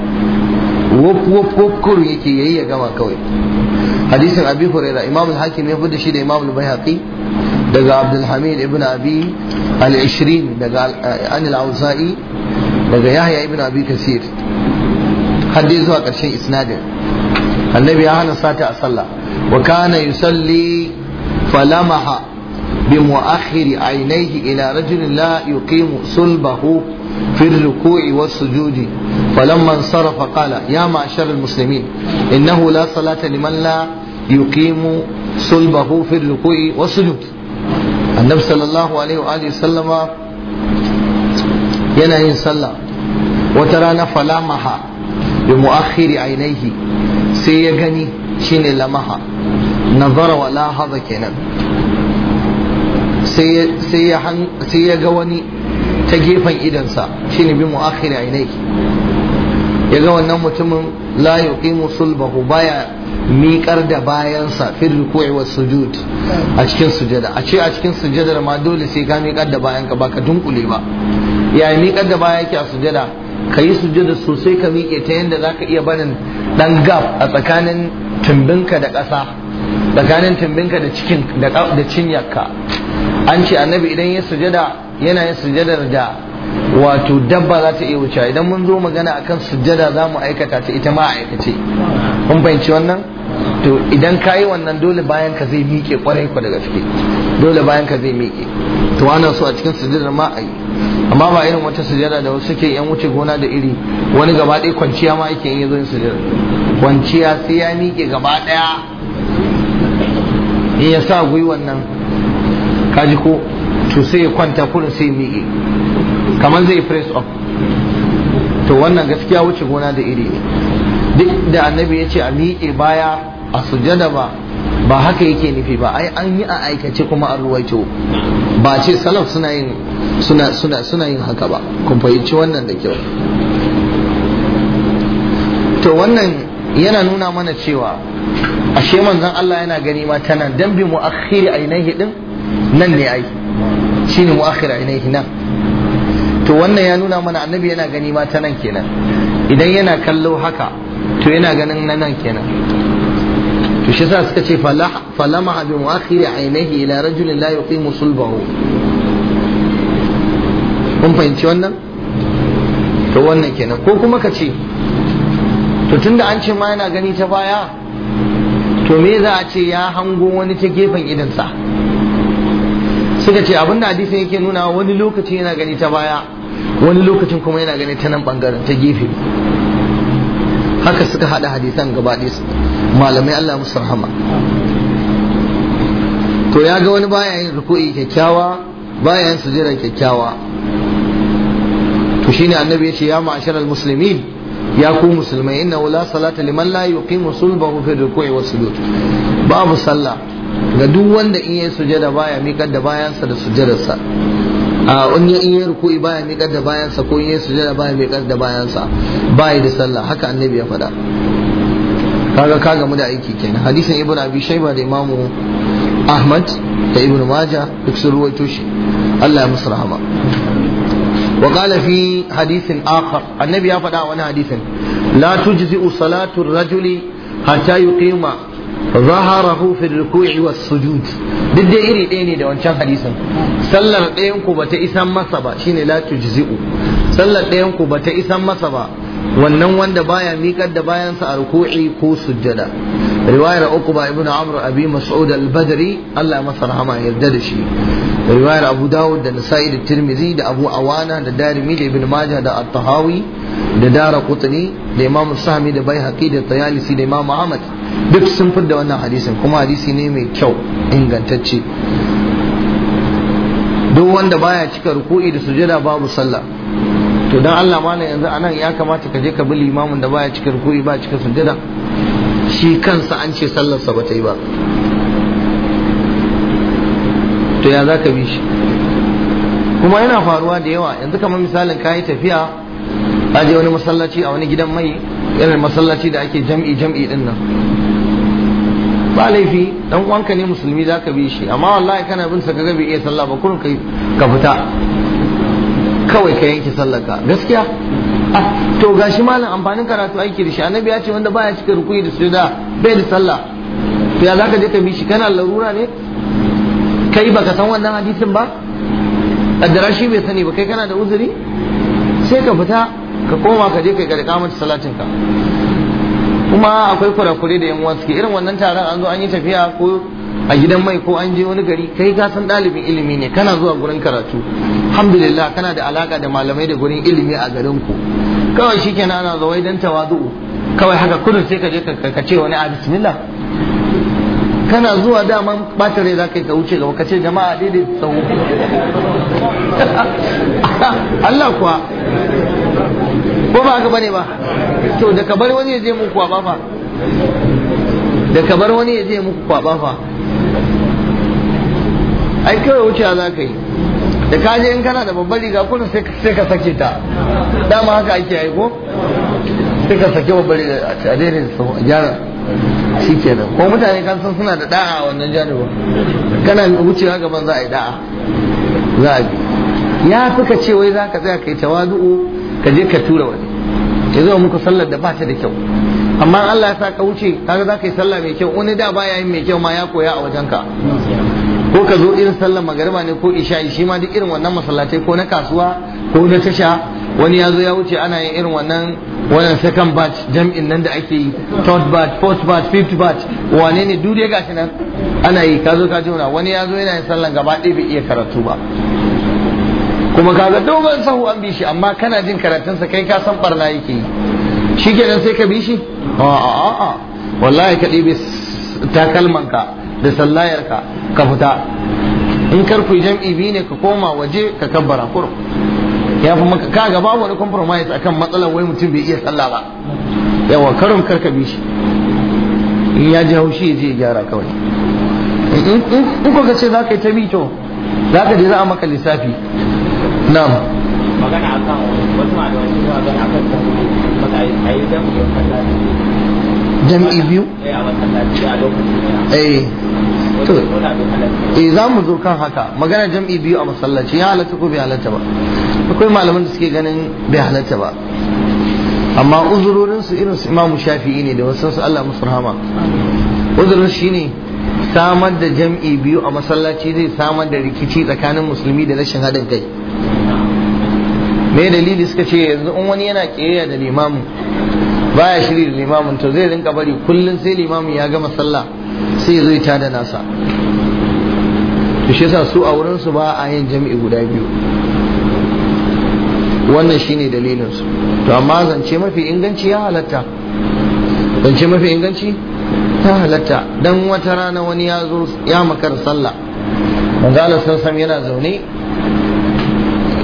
wuf wuf wuf kurin yake yayi ya gama kawai hadisin abi hurairah imam al-hakim ya fi da shi da imam al-baihaqi daga abdulhamid ibn abi al-ishrin daga eh, anil ausa'i daga yahya ibn abi kasir har dai zuwa ƙarshen isnadin annabi ya hana sata a sallah wa kana yusalli falamaha bi mu'akhiri ainihi ila rajulin la yuqimu sulbahu في الركوع والسجود فلما انصرف قال يا معشر المسلمين إنه لا صلاة لمن لا يقيم صلبه في الركوع والسجود annabi sallallahu alaihi wa alihi sallama yana yin sallah wata rana falamaha bi mu'akhiri ainihi sai ya gani shine lamaha nazara wa la hada kenan sai ya ga wani ta gefen idansa shine bi mu'akhiri ainihi ya ga wannan mutumin la yuqimu sulbahu baya miƙar da bayansa fil ruku'i was sujud a cikin sujada a ce a cikin sujada ma dole sai ka miƙar da bayanka ba ka dunkule ba yayi miƙar da baya yake a sujada ka yi sujada sosai ka miƙe ta yanda zaka iya barin dan gap a tsakanin tumbinka da ƙasa tsakanin tumbinka da cikin da da cinyarka an ce annabi idan ya sujada yana yin sujadar da wato dabba za ta iya wuce idan mun zo magana akan sujada za mu aikata ta ita ma aikace kun fahimci wannan to idan ka yi wannan dole bayan ka zai miƙe kwarai kwa da gaske dole bayan ka zai miƙe to ana so a cikin sujjada ma a yi amma ba irin wata sujjada da wasu ke yan wuce gona da iri wani gaba ɗaya kwanciya ma ake yin yanzu sujjada kwanciya sai ya miƙe gaba ɗaya in ya sa gwiwan nan kaji ko to sai ya kwanta kurin sai miƙe kamar zai press up to wannan gaskiya wuce gona da iri duk da annabi ya ce a miƙe baya a sujada ba ba haka yake nufi ba ai an yi a aikace kuma an ruwaito ba ce salaf suna yin suna suna suna yin haka ba kun fahimci wannan da kyau to wannan yana nuna mana cewa ashe manzon Allah yana gani ma tana dan bi muakhir ainihi din nan ne ai shine muakhir ainihi nan to wannan ya nuna mana annabi yana gani ma ta nan kenan idan yana kallo haka to yana ganin nan kenan to shi sa suka ce falama wakiri a ainihi ila rajulin la yuqimu sulbahu kun fahimci wannan to wannan kenan ko kuma ka ce to tunda an ce ma yana gani ta baya to me za a ce ya hango wani ta gefen idansa suka ce abinda hadisin yake nuna wani lokaci yana gani ta baya wani lokacin kuma yana gani ta nan bangaren ta gefe haka suka hada hadisan gaba su malamai Allah musu rahama to ya ga wani baya yin ruku'i kyakkyawa baya yin sujira kyakkyawa to shine annabi ya ce ya ma'asharal muslimin ya ku musulmai inna la salata liman la yuqimu sulbahu fi ruku'i wa sujud babu sallah ga duk wanda in yi sujada baya miƙar da bayansa da sujadarsa in ya iya ba baya miƙar da bayansa ko in ya sujada baya miƙar da bayansa baya da sallah haka annabi ya faɗa kaga kaga mu da aiki kenan hadisin ibnu abi shayba da imamu ahmad da ibnu majah duk sun ruwaito shi Allah ya musu rahama wa qala fi hadisin akhar annabi ya faɗa wani hadisin la tujzi salatu rajuli hatta yuqima ظهره في الركوع sujud. duk da iri ɗaya ne da wancan hadisin sallar ɗayan ku bata isan masa ba shine la tujzi'u sallar ɗayan ku bata isan masa ba wannan wanda baya miƙar da bayansa a ruku'i ko sujjada riwayar uqba ibnu amr abi mas'ud al-badri Allah masa rahama yarda da shi riwayar abu dawud da nasa'i da tirmidhi da abu awana da darimi da ibn majah da at-tahawi da dara kutani da imam sami da bai haƙi da tayalisi da imam ahmad duk sun fi da wannan hadisin kuma hadisi ne mai kyau ingantacce duk wanda baya cika ruku'i da sujada babu sallah to dan Allah na yanzu anan ya kamata ka je ka bi limamin da baya cika ruku'i ba cika sujada shi kansa an ce sallarsa ba ta yi ba to ya za ka bi shi kuma yana faruwa da yawa yanzu kamar misalin ka yi tafiya aje wani masallaci a wani gidan mai irin masallaci da ake jam'i jam'i din nan ba laifi dan uwanka ne musulmi za ka bi shi amma wallahi kana bin sa kaga bai iya sallah ba kurin kai ka fita kawai ka yanke sallar ka gaskiya ah, to gashi malam amfanin karatu aiki da shi annabi ya ce wanda baya cikin rukuyi da sujuda bai da sallah to ya zaka je ka bi shi kana larura ne kai baka san wannan hadisin ba kaddara shi bai sani ba kai kana da uzuri sai ka fita ka koma ka je kai ka rika mata salatin ka kuma akwai kurakure da yan uwa suke irin wannan taron an zo an yi tafiya ko a gidan mai ko an je wani gari kai ka san dalibin ilimi ne kana zuwa gurin karatu alhamdulillah kana da alaka da malamai da gurin ilimi a garin ku kawai shikenan ana zo wai dan tawazu kawai haka kudu sai ka je ka ce wani a bismillah kana zuwa daman bata rai za ka yi ka wuce gaba ka ce jama'a daidai tsawo Allah kuwa ko ba haka bane ba to da kabar wani ya je muku kwaba fa da kabar wani ya je muku kwaba fa ai kawai wuce za ka yi da ka je in kana da babbar riga kuna sai ka sake ta dama haka ake ko? sai ka sake babbar riga a cikin da sau a gyara shi kenan ko mutane kan san suna da da'a a wannan jaruwa kana wucewa gaban za a yi da'a za a bi ya fi ka ce wai za ka tsaya ka yi tawadu'u ka je ka tura wani ya zama muku sallar da ba ta da kyau amma Allah ya sa ka wuce kaga za ka yi sallah mai kyau wani da baya yin mai kyau ma ya koya a wajen ka ko ka zo irin sallar magariba ne ko isha'i shi ma duk irin wannan masallatai ko na kasuwa ko na tasha wani ya zo ya wuce ana yin irin wannan wannan second batch jam'in nan da ake yi third batch fourth batch fifth batch wane ne duk dai gashi nan ana yi ka zo ka jona wani ya zo yana yin sallar gaba ɗaya bai iya karatu ba kuma kaga dogon sahu an bi shi amma kana jin karatunsa kai ka san barna yake yi shi kenan sai ka bi shi a'a wallahi ka ɗibi takalmanka da sallayarka ka fita in karku jam'i bi ne ka koma waje ka kabbara kurum ya fi maka ka babu wani compromise akan matsalar wai mutum bai iya sallah ba yawa karin karka bi shi in ya ji haushi ya je gyara kawai in kuka ce za ka yi ta bito za ka je za a maka lissafi na'am magana akan wasu malamai sun magana akan a yi jam'i masallaci jam'i biyu eh, eh. to eh za mu zo kan haka magana jam'i biyu a masallaci ya halatta ko bai halatta ba akwai malaman da suke ganin bai halatta ba amma uzurorin su irin su imamu shafi'i ne da wasan su Allah musu rahama uzurin ne samar da jam'i biyu a masallaci zai samar da rikici tsakanin musulmi da rashin haɗin kai me dalili suka ce yanzu in wani yana kiyaya da limamin baya shiri da limamin to zai rinka bari kullum sai limamin ya gama sallah sai zai ta da nasa to shi yasa su a wurin su ba a yin jami'i guda biyu wannan shine dalilin su to amma zance mafi inganci ya halatta zance mafi inganci ta halatta dan wata rana wani ya zo makar sallah manzo Allah yana zaune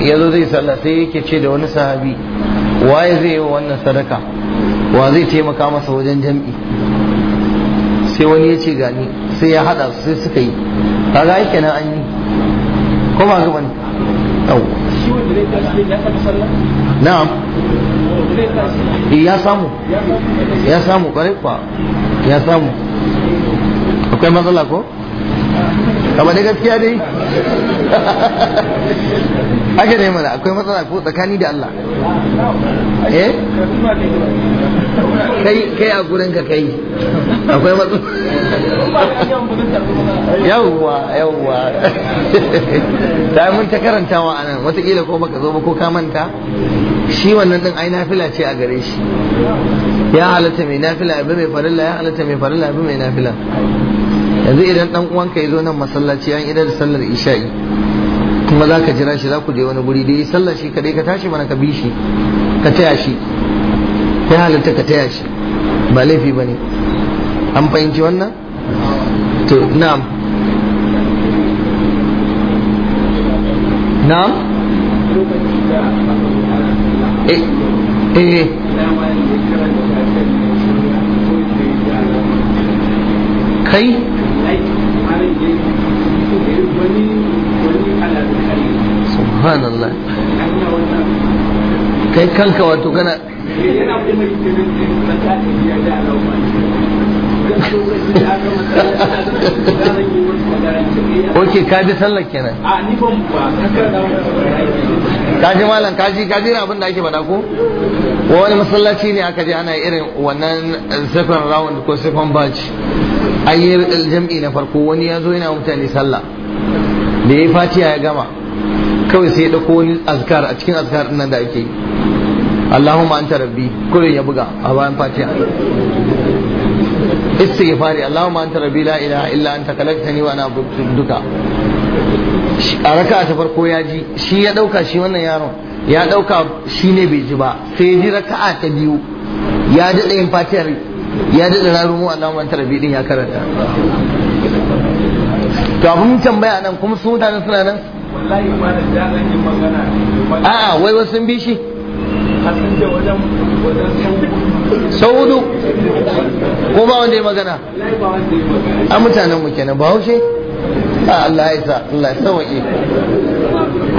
ya zo zai sallah sai yake ce da wani sahabi waye zai yi wannan sadaka wa zai taimaka masa wajen jam'i sai wani ya ce gani sai ya hada su sai suka yi ga yake nan an yi ko ba gaban au na'am eh, ya samu ya samu kwarai kwa ya samu akwai matsala ko kama da gaskiya dai haka ne mana akwai matsala ko tsakani da Allah eh kai kai a gurin ka kai akwai matsala yawwa yawwa da mun ta karantawa anan watakila ko baka zo ba ko ka manta shi wannan din ai nafila ce a gare shi ya halatta mai nafila abu mai farilla ya halatta mai farilla abu mai nafila yanzu idan dan uwanka ya zo nan masallaci an idar sallar isha'i kuma za ka jira shi za ku je wani guri da ya sallar shi kadai ka tashi mana ka bi shi ka taya shi ya halitta ka taya shi ba laifi ba ne an fahimci wannan to na'am na'am eh eh, eh. kai subhanallah kai kanka wato gana ok kaji sallar kenan ka ji malam kaji ji ka ji abin da ake bada ko wani masallaci ne aka ji ana irin wannan zafin round ko zafin baci ayyar jam'i na farko wani ya zo yana mutane sallah da ya yi fatiya ya gama kawai sai ya dauko wani azkar a cikin azkar nan da ake yi Allahumma anta rabbi kullun ya buga a bayan fatiha istighfari Allahumma anta rabbi la ilaha illa anta khalaqtani wa ana abduka a raka ta farko ya ji shi ya dauka shi wannan yaron ya dauka shi ne bai ji ba sai ya ji a ta biyu ya dada yin fatiyar ya dada rarumu Allahumma anta rabbi din ya karanta to abun tambaya nan kuma su suna nan wallahi a'a wai wasu sun bi shi sau hudu ko ba wanda ya magana a mutanen mu kenan ba haushe Allah ya sa Allah ya sauke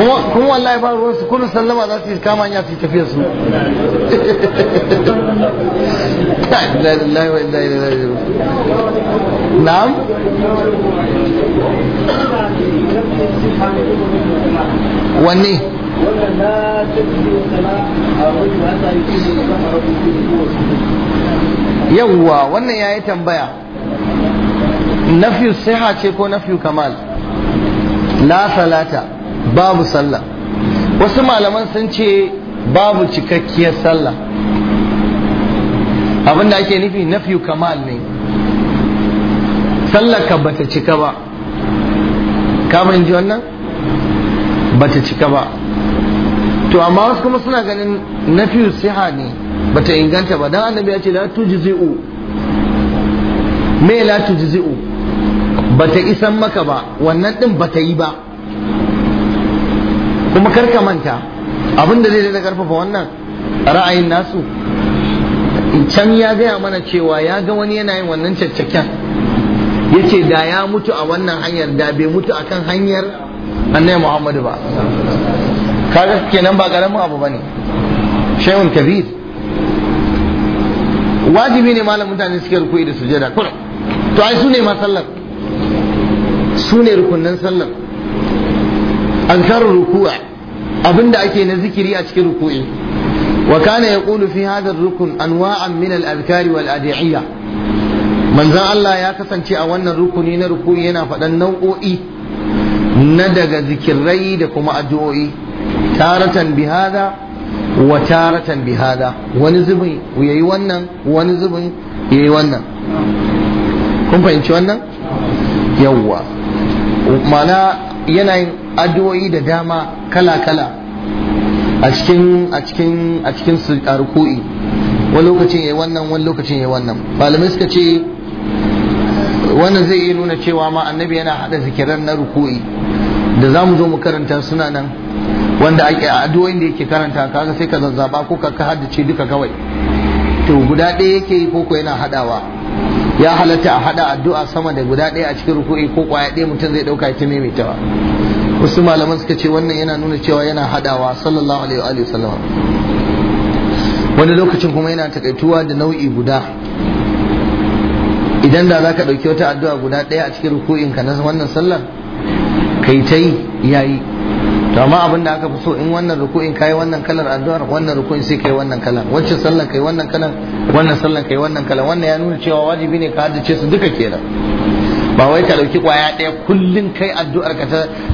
kuma kuma wallahi ba ruwan su kullu sallama za su yi kama hanya su yi tafiyar su na'am wanne yawwa wannan yayi tambaya nafi siha ce ko nafi kamal la salata babu sallah wasu malaman sun ce babu cikakkiyar sallah abinda ake nufi nafi kamal ne sallaka bata cika ba kamar ji wannan bata cika ba to amma wasu kuma suna ganin nafi siha ne bata inganta ba dan annabi ya ce la tujzi'u me la tujzi'u ba ta isan maka ba wannan din ba ta yi ba kuma karka manta abin da zai da karfafa wannan ra'ayin nasu can ya gaya mana cewa ya ga wani yana yin wannan caccaken ya ce da ya mutu a wannan hanyar da bai mutu a kan hanyar annai muhammadu ba kaga kenan ba karamin abu ba ne shayun kabir wajibi ne malam mutane suke rukuri da sujada kullum to ai su ne masallar su ne rukunnan sallan azkarar ruku'a abinda ake na zikiri a cikin ruku'i wa kana yaqulu fi hadha ar-rukn anwa'an min al-adhkari wal ad'iyya manzon Allah ya kasance a wannan rukuni na ruku'i yana faɗan nau'o'i na daga zikirai da kuma addu'o'i taratan bi hada wa taratan bi hada wani zubin yayi wannan wani zubin yayi wannan kun fahimci wannan yawwa mana yana addu'o'i da dama kala-kala a cikin a cikin a cikin ruku'i wani lokacin yayi wannan wani lokacin yayi wannan malamai suka ce wannan zai iya nuna cewa ma annabi yana hada zikiran na ruku'i da za mu zo mu karanta suna nan wanda ake addu'o'in da yake karanta kaga sai ka zazzaba ko ka haddace duka kawai to guda ɗaya yake ko ko yana hadawa ya halatta a hada addu'a sama da guda ɗaya a cikin ruku'i ko kwaya ɗaya mutum zai ɗauka ya mai tawa wasu malaman suka ce wannan yana nuna cewa yana hadawa sallallahu alaihi wa alihi wani lokacin kuma yana takaituwa da nau'i guda idan da zaka ɗauki wata addu'a guda ɗaya a cikin ruku'in ka na wannan sallar kai ta yi yayi to amma abin da aka fi so in wannan ruku'in kai wannan kalar addu'ar wannan ruku'in sai kai wannan kalar wacce sallan kai wannan kalar wannan sallan kai wannan kalar wannan ya nuna cewa wajibi ne ka haddace su duka kenan ba wai ka dauki kwaya ɗaya kullun kai addu'ar ka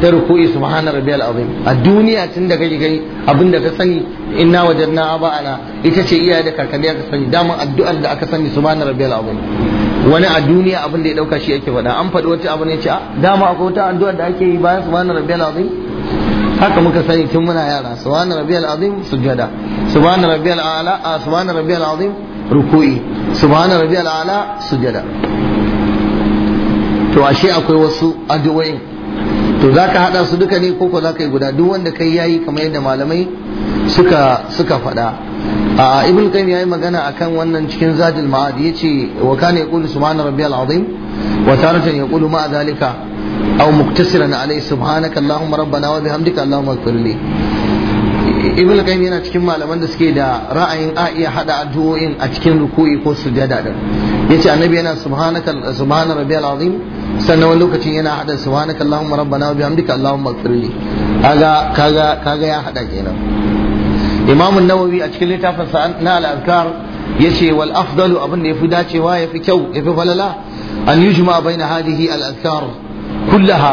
ta ruku'i subhana rabbiyal azim a duniya tun da kai kai abin da ka sani inna wajadna aba'ana ita ce iyaye da kakanni aka sani daman addu'ar da aka sani subhana rabbiyal azim wani a duniya abin da ya dauka shi yake faɗa an faɗi wata abu ne ce ah, dama akwai wata addu'ar da ake yi bayan subhana rabbiyal azim haka muka sani tun muna yara subhana rabbiyal azim sujada subhana rabbiyal a'la subhana rabbiyal azim ruku'i subhana rabbiyal a'la sujada to ashe akwai wasu addu'o'in to zaka hada su duka ne ko ko zaka yi guda duk wanda kai yayi kamar yadda malamai suka suka faɗa a ibn qayyim yayi magana akan wannan cikin zadil ma'ad yace wa kana yaqulu subhana rabbiyal azim wa taratan yaqulu ma'a zalika أو مقتصرا عليه سبحانك اللهم ربنا وبحمدك اللهم اغفر لي ابن القيم yana cikin malaman da suke da ra'ayin a iya hada addu'o'in a cikin ruku'i ko sujada din yace annabi yana subhanaka subhana rabbiyal azim sannan wani lokacin yana hada subhanaka allahumma rabbana wa bihamdika allahumma ighfirli kaga kaga kaga ya hada kenan imam an-nawawi a cikin littafin sa na al-azkar yace wal afdalu abin da yafi dacewa yafi kyau yafi falala an yujma baina hadhihi al-azkar kullaha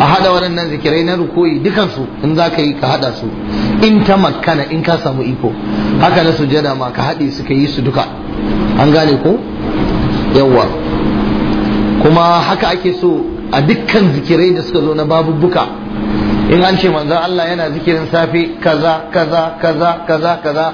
a hada waɗannan zikirai na rukoyi dukansu in za ka yi ka hada su in ta makana in ka samu iko haka na sujada ma ka haɗe su ka yi su duka an gane ko yawwa kuma haka ake so a dukkan zikirai da suka zo na babubuka in an ce manzon Allah yana zikirin safe kaza kaza kaza kaza kaza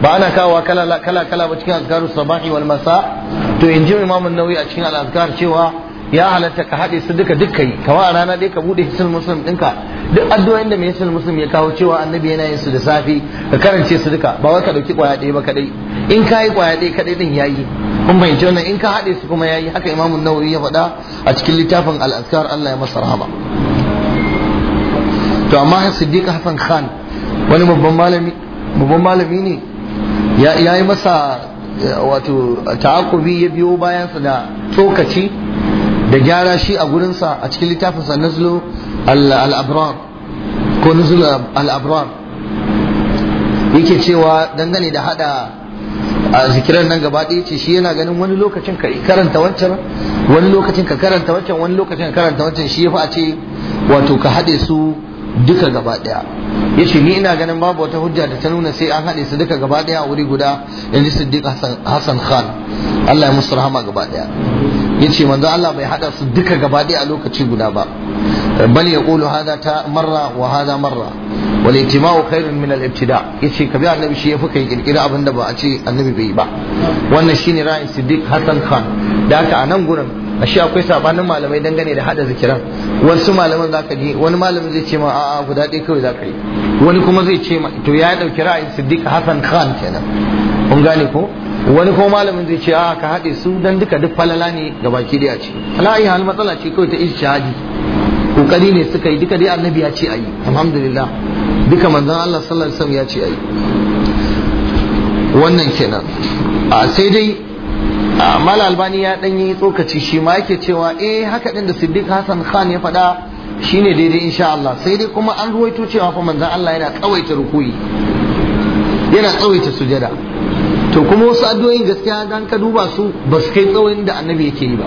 ba ana kawowa kala kala kala ba cikin azkarus sabahi wal masa to in ji imamun nauyi a cikin al cewa ya halatta ka haɗe su duka duka yi kawai a rana ɗaya ka buɗe hisul muslim ɗinka duk addu'o'in da mai hisul muslim ya kawo cewa annabi yana yin su da safe ka karance su duka ba wai ka ɗauki ƙwaya ɗaya ba kaɗai in ka yi ƙwaya ɗaya kaɗai ɗin ya yi kun fahimci wannan in ka haɗe su kuma ya yi haka imamun nawawi ya faɗa a cikin littafin alaskar Allah ya masa rahama to amma siddiq hasan khan wani babban malami babban malami ne ya yi masa eh, wato ta'akubi ya biyo bayansa da tsokaci da gyara shi a gurinsa a cikin littafinsa nazlu al-abrar ko nazlu al-abrar yake cewa dangane da hada a zikiran nan gaba ɗaya ce shi yana ganin wani lokacin ka karanta wancan wani lokacin ka karanta wancan wani lokacin ka karanta wancan shi ya fi a ce wato ka haɗe su duka gaba ɗaya ya ce ni ina ganin babu wata hujja da ta nuna sai an haɗe su duka gaba ɗaya a wuri guda yanzu siddiq hassan khan allah ya musu rahama gaba ɗaya ya ce manzo Allah bai hada su duka gaba a lokaci guda ba bal yaqulu hada ta marra wa hada marra wal itima'u khairun min al ibtida yace kabi annabi shi yafi kai kirkira abinda ba a ce annabi bai ba wannan shine ra'ayin Siddiq hasan Khan da haka a nan gurin ashe akwai sabanin malamai dangane da hada zikiran wasu malaman zaka ji wani malamin zai ce ma a'a guda ɗaya kawai zaka yi wani kuma zai ce ma to ya dauki ra'ayin Siddiq hasan Khan kenan kun gane ko wani kuma malamin zai ce a ka haɗe su dan duka duk falala ne ga baki da ce ala'i hal matsala ce kawai ta ijtihadi kokari ne suka yi duka dai annabi ya ce ayi alhamdulillah duka manzon Allah sallallahu alaihi wasallam ya ce ayi wannan kenan a sai dai mal albani ya dan yi tsokaci shi ma yake cewa eh haka din da siddiq hasan khan ya faɗa shine daidai insha Allah sai dai kuma an ruwaito cewa fa manzon Allah yana tsawaita rukuyi yana tsawaita sujada to kuma wasu addu'o'in gaskiya dan ka duba su ba su kai tsawon da annabi yake yi ba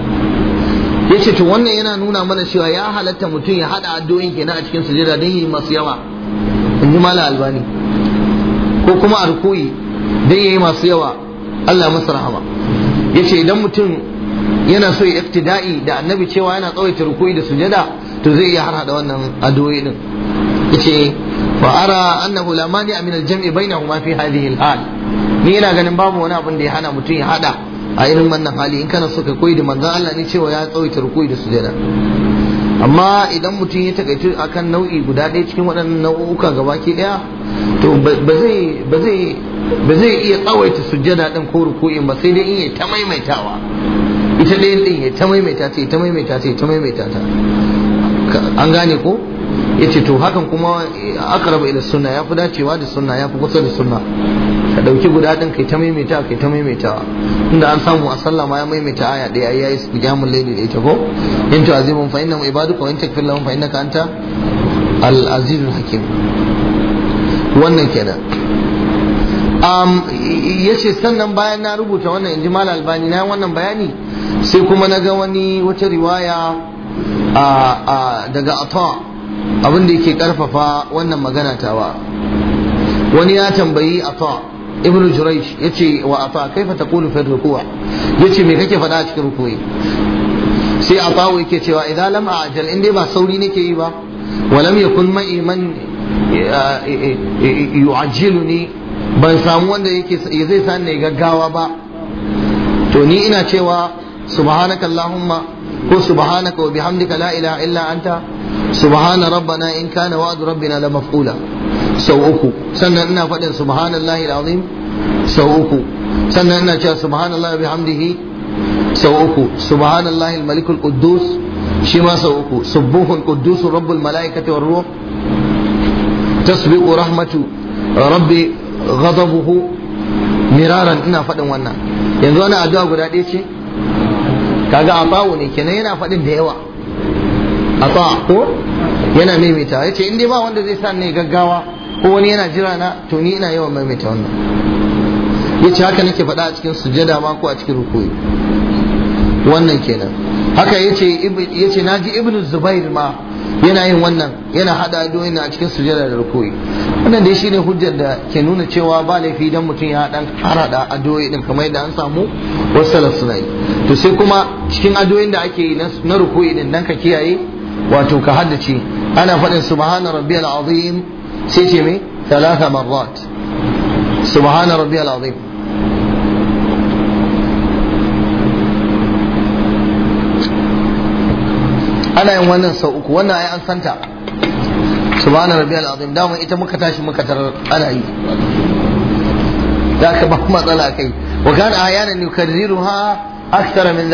yace to wannan yana nuna mana cewa ya halatta mutum ya hada addu'o'in kenan a cikin sujada don yi masu yawa in ji mala albani ko kuma a dan don yayi masu yawa Allah masa rahama yace idan mutum yana so ya iftida'i da annabi cewa yana tsawaita rukuyi da sujada to zai iya har hada wannan addu'o'i din yace wa ara annahu la mani min al-jam'i bainahuma fi hadhihi al-hal ni ina ganin babu wani abin da ya hana mutum ya hada a irin wannan hali in kana so ka koyi da manzon Allah ne cewa ya tsawaita rukuyi da sujada amma idan mutum ya takaitu akan nau'i guda ɗaya cikin waɗannan nau'uka gabaki ɗaya to ba zai iya tsawaita sujada ɗin ko ruku'in ba sai dai in ya ta maimaitawa ita ɗayan ɗin ya ta maimaita ta ta maimaita ta ta maimaita ta an gane ko Ya ce to hakan kuma aka raba ila sunna fi dacewa da sunna fi kusa da sunna ka dauki guda ɗin kai ta maimaita kai ta maimaita inda an samu a sallah ma ya maimaita aya ya yi su qiyamul laili da ita ko in to azimun fa innahum Ibadu wa in takfir lamun fa innaka anta al azizul hakim wannan kenan um, ya ce sannan bayan na rubuta wannan inji mal albani na wannan bayani sai kuma na ga wani wata riwaya daga ata abin da yake karfafa wannan magana tawa wani ya tambayi afa ibnu jurayj yace wa afa kaifa taqulu fi kuwa yace me kake faɗa cikin ruku'i sai afa yake cewa idan lam ajal inda ba sauri nake yi ba lam yakun ma'i man eh, eh, eh, yu'ajjiluni ban samu wanda yake zai ne gaggawa ba to ni ina cewa subhanakallahumma ko subhanaka wa bihamdika la ilaha illa anta subhana rabbana in kana wa'du rabbina la maf'ula sau uku sannan ina faɗin subhanallahi alazim sau uku sannan ina cewa subhanallahi bihamdihi sau uku subhanallahi almalikul quddus shi sau uku subuhul quddus rabbul malaikati war ruh rahmatu rabbi ghadabuhu miraran ina faɗin wannan yanzu wani addu'a guda ɗaya ce kaga abawu ne kenan yana faɗin da yawa ata ko yana maimaita ya ce in dai ba wanda zai sa ne gaggawa ko wani yana jira na to ni ina yawan maimaita wannan ya ce haka nake faɗa a cikin sujada ma ko a cikin rukuyi wannan kenan haka ya ce na ji ibn zubair ma yana yin wannan yana haɗa addu'o'in a cikin sujada da rukuyi wannan dai shine hujjar da ke nuna cewa ba laifi idan mutum ya dan harada addu'o'i din kamar yadda an samu wasu salaf suna yi to sai kuma cikin addu'o'in da ake yi na rukuyi din dan ka kiyaye wato ka haddace ana faɗin subhana rabbiyal azim sai ce me talata marrat subhana ana yin wannan sau uku wannan ai an santa subhana dama ita muka tashi muka tarar ana yi da ka ba matsala kai wa kana ayanan yukarriruha akthara min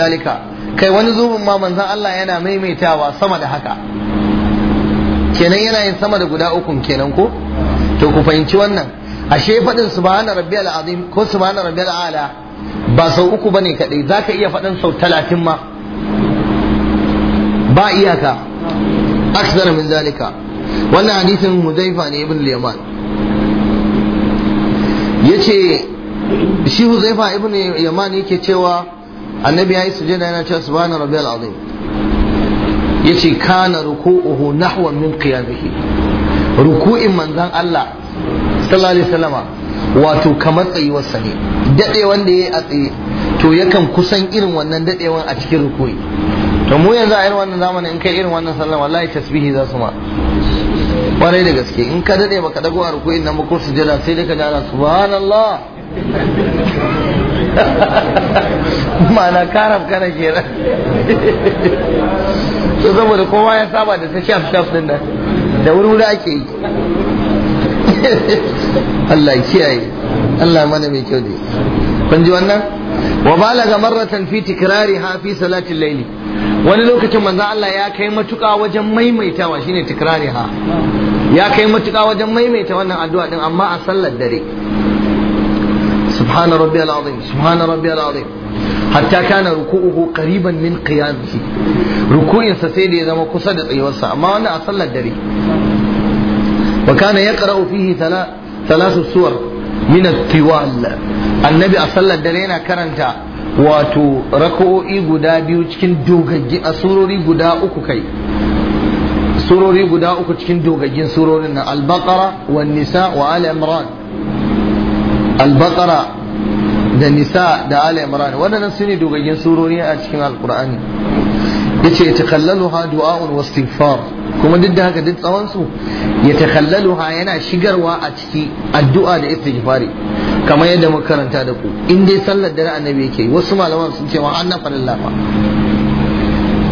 kai wani zubin ma manzon Allah yana maimaitawa sama da haka kenan yana sama da guda ukun kenan ko to ku fahimci wannan ashe faɗin subhana rabbiyal azim ko subhana rabbiyal ala ba sau uku bane kadai zaka iya faɗin sau talatin ma ba iyaka akthara min wannan hadisin huzaifa ne ibn liyaman yace shi huzaifa ibn yaman yake cewa annabi yayi sujada yana cewa subhana rabbiyal azim yace kana ruku'uhu nahwan min qiyamihi ruku'in manzon Allah sallallahu alaihi wasallama wato kamar tsayuwarsa ne dade wanda yayi a tsaye to yakan kusan irin wannan dadewan a cikin ruku'i to mu yanzu a irin wannan zamanin in kai irin wannan sallama wallahi tasbihi za su ma kwarai da gaske in ka dade baka dago a ruku'in nan ba ko sujada sai dai ka ji ana subhanallah ma'ana karam kana kenan to saboda kowa ya saba da ta shaf shaf din nan da wuri-wuri ake yi Allah ya kiyaye Allah mana mai kyau ne kun ji wannan wa balaga marratan fi ha fi salatin layli wani lokacin manzo Allah ya kai matuƙa wajen maimaitawa shine ha. ya kai matuƙa wajen maimaita wannan addu'a din amma a sallar dare سبحان ربي العظيم سبحان ربي العظيم حتى كان ركوعه قريبا من قيامه ركوع سسيد إذا ما قصد يوسع ما أنا أصلى الدري وكان يقرأ فيه ثلاث ثلاث سور من الطوال النبي أصلى الدرينا كرنتا wato rako'o'i guda biyu cikin dogaggi a surori guda uku kai surori guda uku cikin dogaggin surorin nan al-baqara wan nisa wa al-imran al da nisa da ala imran waɗannan su ne dogaggen surori a cikin alkur'ani yace ya ha du'a'un wa istighfar kuma duk da haka duk tsawon su ya takallaluha yana shigarwa a ciki addu'a da istighfari kamar yadda muka karanta da ku in dai sallar dare annabi yake wasu malaman sun ce ma annafa lillah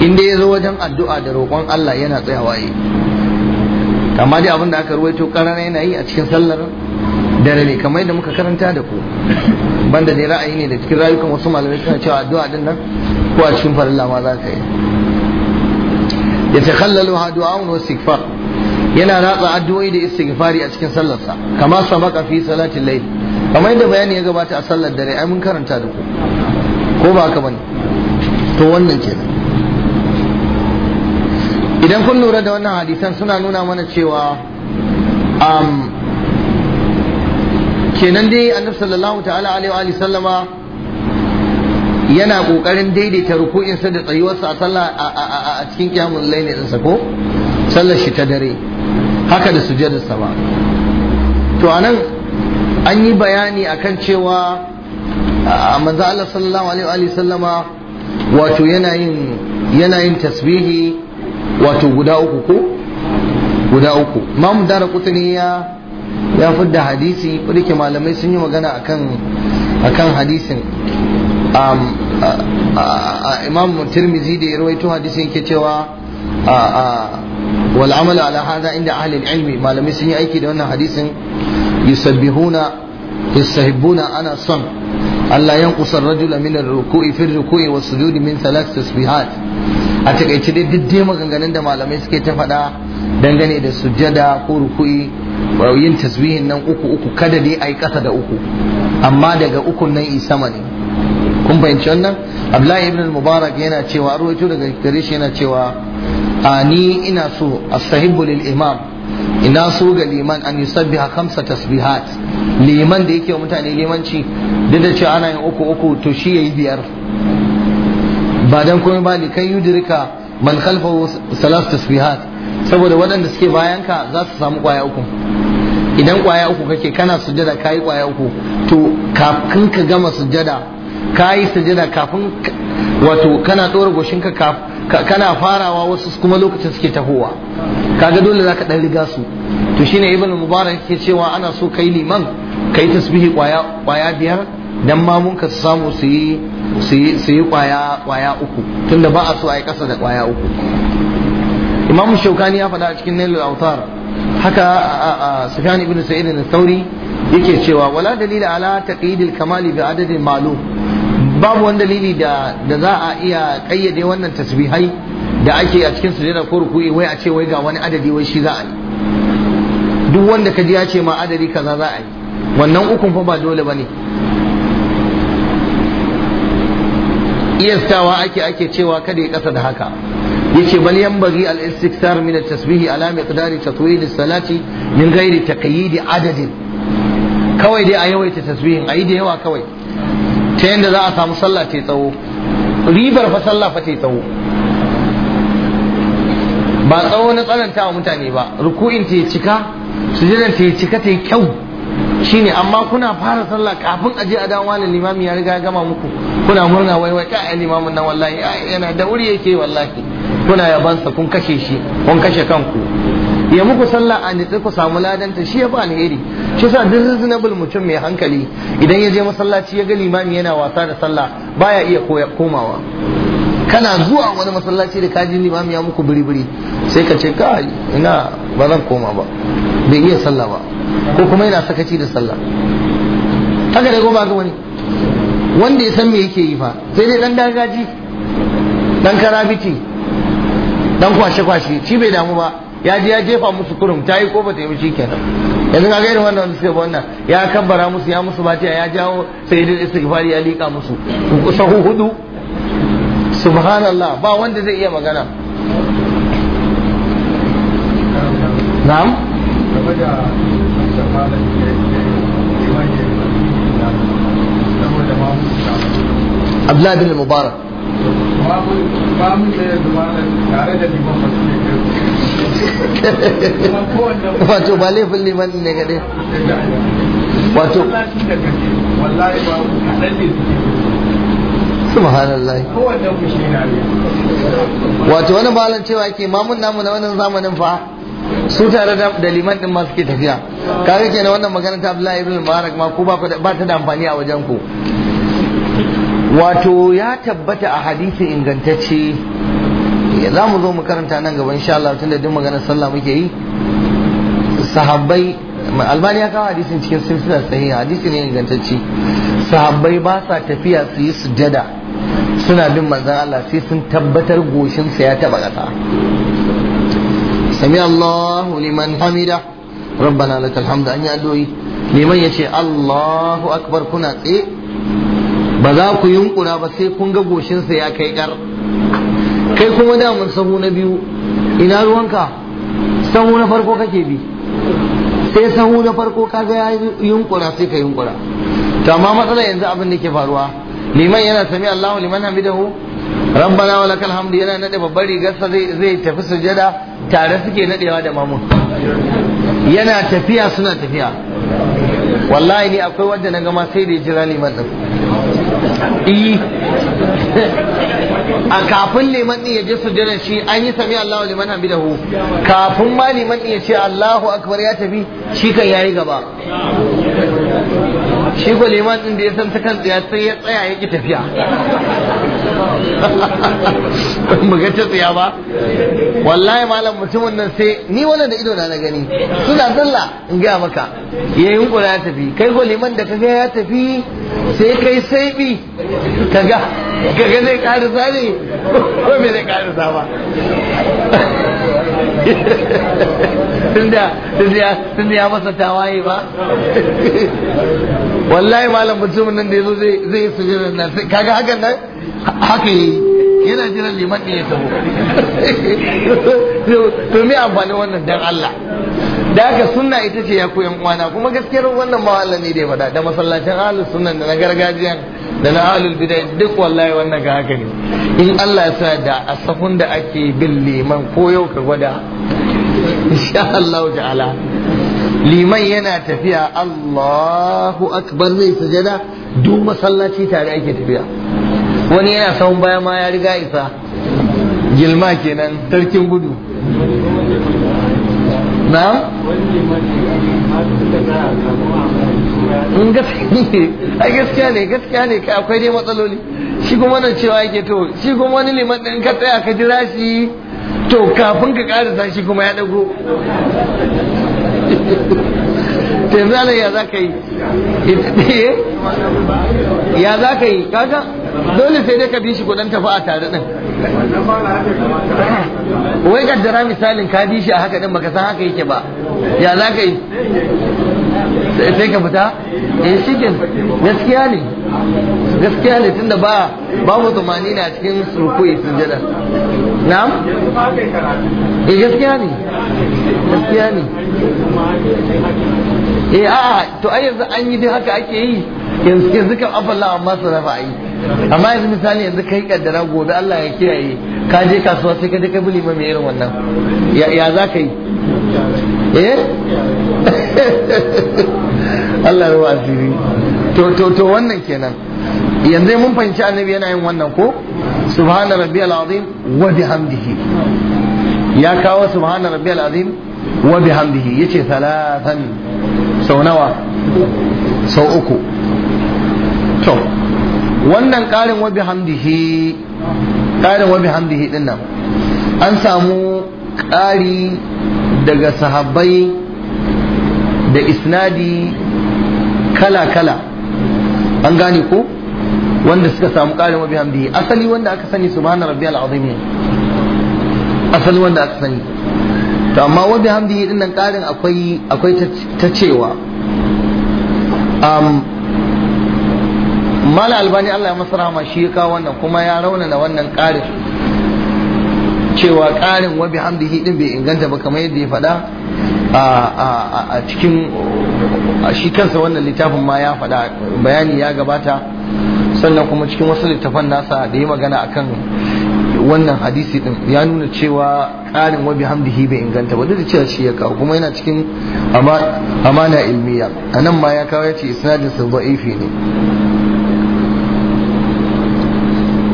in dai yazo wajen addu'a da roƙon Allah yana tsayawa yi amma dai abin da aka ruwaito karana yana yi a cikin sallar dare ne kamar yadda muka karanta da ku banda dai ra'ayi ne da cikin rayukan wasu malamai suna cewa addu'a din nan ko a cikin farin lama za ka yi ya takhallalu ha du'a'un wa istighfar yana ratsa addu'o'i da istighfari a cikin sallarsa kamar sabaka fi salatin layl kamar yadda bayani ya gabata a sallar dare ai mun karanta da ku ko ba haka bane to wannan kenan idan kun lura da wannan hadisan suna nuna mana cewa um, kenan dai annabi sallallahu ta'ala alaihi wa sallama yana kokarin daidaita sa da sa a sallah a cikin kiyamul layl din ko sallar shi ta dare haka da sa ba to anan an yi bayani akan cewa manzo Allah sallallahu alaihi wa sallama wato yana yin yana yin tasbihi wato guda uku ko guda uku mamu dara kutuniya ya ya fidda hadisi rike malamai sun yi magana akan kan hadisin imam tirmizi da ya rawaito hadisin yake cewa wal amal ala inda ahalin ilmi malamai sun yi aiki da wannan hadisin yusabbihuna yusahibbuna ana son Allah yan kusan rajula min rukui fi ar-ruku'i was-sujudi min thalath tasbihat a takaice dai duk maganganun da malamai suke ta faɗa dangane da sujjada ko ruku'i yin tasbihin nan uku uku kada dai ai kasa da uku amma daga ukun nan i sama ne kun fahimci wannan abdullahi ibn mubarak yana cewa rawaito daga gare shi yana cewa ani ina so astahibbu lil imam ina so ga liman an yusabbiha khamsa tasbihat liman da yake wa mutane limanci duk da cewa ana yin uku uku to shi yayi biyar ba dan komai ba likan yudrika man khalfahu salas tasbihat saboda waɗanda suke bayanka za su samu ƙwaya uku idan ƙwaya uku kake kana sujada ka yi ƙwaya uku to kafin ka gama sujada ka yi sujada kafin wato kana ɗora goshinka kana farawa wasu kuma lokacin suke tahowa ka ga dole za ka ɗan riga su to shine ibn mubarak ke cewa ana so kai liman kai tasbihi ƙwaya biyar dan mamunka su samu su yi ƙwaya uku tunda ba a so a yi ƙasa da ƙwaya uku imam shaukani ya faɗa a cikin nailul autar haka sufyan ibn sa'id al-thawri yake cewa wala dalila ala taqidil kamali bi adadin ma'lum babu wani dalili da da za a iya kayyade wannan tasbihai da ake a cikin sujada ko ruku'i wai a ce wai ga wani adadi wai shi za a duk wanda ka ji ya ce ma adadi kaza za a yi wannan ukun fa ba dole bane iyastawa ake ake cewa kada ya kasa da haka yake bal bari al istikthar min al tasbih ala miqdari tatwil al salati min ghairi taqyid adadin kawai dai a yawaita tasbihin ayi da yawa kawai ta yanda za a samu sallah ta tsawo ribar fa sallah fa ta tsawo ba tsawo na tsananta wa mutane ba ruku'in ta cika sujudan ta cika ta kyau shine amma kuna fara sallah kafin a je a dawo wani limami ya riga ya gama muku kuna murna wai wai kai limamin nan wallahi yana da wuri yake wallahi kuna yabansa kun kashe shi kun kashe kanku ya muku sallah a nitsi ku samu ladanta shi ya fi alheri shi sa duk reasonable mutum mai hankali idan ya je masallaci ya ga limami yana wasa da sallah baya iya komawa kana zuwa wani masallaci da kaji limami ya muku biri-biri sai ka ce ka ina ba zan koma ba bai iya sallah ba ko kuma yana sakaci da sallah haka da goma ga wani wanda ya san me yake yi fa sai dai dan dagaji dan karabiti dan kwashe kwashe shi bai damu ba ya je ya jefa musu kurum ta yi kofa ta yi shi kenan yanzu ga irin wannan wanda suke wannan ya kabbara musu ya musu batiya ya jawo sai da istighfari ya lika musu sahu hudu subhanallah ba wanda zai iya magana na'am bin Mubarak wato ba laifin liman ne gade wato subhanallah wato wani balan cewa ke mamun namu na wannan zamanin fa su tare da liman din masu ke tafiya kaga kenan wannan magana ta Abdullahi ibn Mubarak ma ku ba ta da amfani a wajen ku wato ya tabbata a hadisi ingantacce za mu zo mu karanta nan gaba insha Allah tunda duk maganar sallah muke yi sahabbai albani ya kawo hadisin cikin silsila sahiha hadisi ne ingantacce sahabbai ba sa tafiya su yi sujada suna bin manzan Allah sai sun tabbatar goshin sa ya taba kasa sami Allahu liman hamida rabbana lakal hamdu an yi addu'o'i liman ce Allahu akbar kuna tsaye ba za ku yunkura ba sai kun ga goshinsa ya kai ƙar kai kuma da mun sahu na biyu ina ruwanka sahu na farko kake bi sai sahu na farko ka ga ya yunkura sai ka yunkura to amma matsala yanzu abin da ke faruwa liman yana sami Allahu liman hamidahu rabbana wa lakal hamdu yana nade babbar rigarsa zai zai tafi sujada tare suke nadewa da mamun yana tafiya suna tafiya wallahi ni akwai wanda na gama sai da ya jira liman din eh a kafin liman din ya je sujjada shi an yi sami Allahu liman hu? kafin ma liman din ya ce Allahu akbar ya tafi shi kan yayi gaba shi ko din da ya san ta kan tsaya sai ya tsaya ya ki tafiya mu ga ta tsaya ba wallahi malam mutumin nan sai ni wannan da ido na na gani suna zalla in ga maka ya yunkura ya tafi kai ko liman da kaga ya tafi sai kai sai bi kaga kaga zai karu ne ko me zai karisa ba tun da ya masa tawaye ba wallahi malam mutum nan da yazo zai zai yi sujudar nan kaga hakan nan haka yi yana jiran liman ne ya taho to me amfani wannan dan Allah da haka sunna ita ce ya koyan uwana kuma gaskiyar wannan ma Allah ne da ya da masallacin ahlus sunnan da na gargajiyan da na alul bidai duk wallahi wannan ga haka ne in Allah ya sa da a safun da ake bin liman ko yau ka gwada insha Allah ta'ala liman yana tafiya Allahu akbar zai sajada duk masallaci tare ake tafiya wani yana sahun baya ma ya riga isa gilma kenan tarkin gudu na in gaskiya ai gaskiya ne gaskiya ne kai akwai dai matsaloli shi kuma nan cewa yake to shi kuma wani liman ɗin ka tsaya ka jira shi to kafin ka karasa shi kuma ya dago yanzu ana ya za ka yi eh, ya za ka yi kaga dole sai dai ka bi shi kudin tafi a tare din wai kaddara misalin ka bi shi a haka din baka san haka yake ba ya za ka yi sai ka fita eh shikin gaskiya ne gaskiya ne tunda ba ba mu tumani na cikin surukui sujada na'am eh gaskiya ne gaskiya ne eh a'a to ai yanzu an yi dai haka ake yi yanzu kan afalla amma su rafa yi amma yanzu misali yanzu kai kaddara gobe Allah ya kiyaye ka je kasuwa sai ka je ka buli mai irin wannan ya za ka yi eh Allah ruwa asiri to to to wannan kenan yanzu mun fahimci annabi yana yin wannan ko subhana rabbiyal azim wa bihamdihi ya kawo subhana rabbiyal azim wa bihamdihi yace thalathan sau nawa sau uku to wannan karin wa bihamdihi ƙarin wa bihamdihi din nan an samu ƙari daga sahabbai da isnadi kala-kala an gane ko wanda suka samu ƙarin wa bihamdihi asali wanda aka sani subhana rabbiyal azim ne asali wanda aka sani to amma wa bihamdihi din nan ƙarin akwai akwai ta cewa um, mala albani Allah ya masa rahama shi ya kawo wannan kuma ya rauna na wannan ƙarin cewa ƙarin wa bihamdihi din bai inganta ba kamar yadda ya faɗa a cikin shi kansa wannan littafin ma ya faɗa bayani ya gabata sannan kuma cikin wasu littafan nasa da ya magana akan wannan hadisi din ya nuna cewa ƙarin wa bihamdihi bai inganta ba duk da cewa shi ya kawo kuma yana cikin amana ilmiya anan ma ya kawo ya ce isnadin sa ne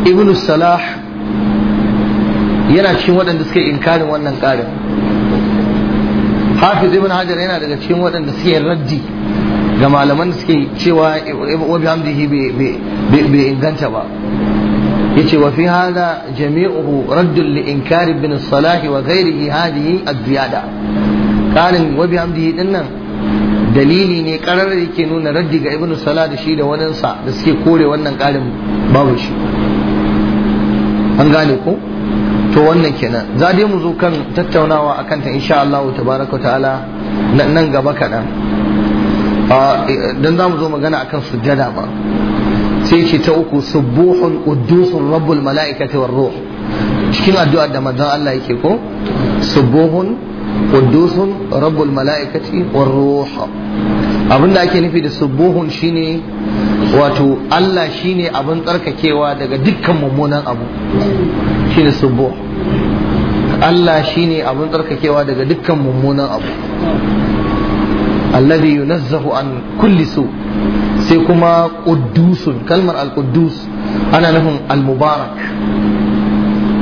ibn salah yana cikin waɗanda suke inkarin wannan ƙarin hafiz ibn hajar yana daga cikin waɗanda suke raddi ga malaman da suke cewa wa hamdihi bai inganta ba yace wa fi hada jami'uhu raddun li inkari ibn salah wa ghairihi hadihi az-ziyada ƙarin wa hamdihi din nan dalili ne karar da yake nuna raddi ga ibn salah da shi da waninsa da suke kore wannan ƙarin babu shi an gane ko to wannan kenan za dai mu zo kan tattaunawa akan ta insha Allah tabaraka ta'ala nan gaba kaɗan e, dan za mu zo magana akan sujjada ba sai ce ta uku subuhun quddusun rabbul mala'ikati war ruh cikin addu'a da manzon Allah yake ko subuhun quddusun rabbul mala'ikati war ruh abinda ake nufi da subuhun shine wato Allah shine abin tsarkakewa daga dukkan mummunan abu shine subuh Allah shine abin tsarkakewa daga dukkan mummunan abu alladhi yunazzahu an kulli su sai kuma quddusun kalmar al-quddus ana nufin al-mubarak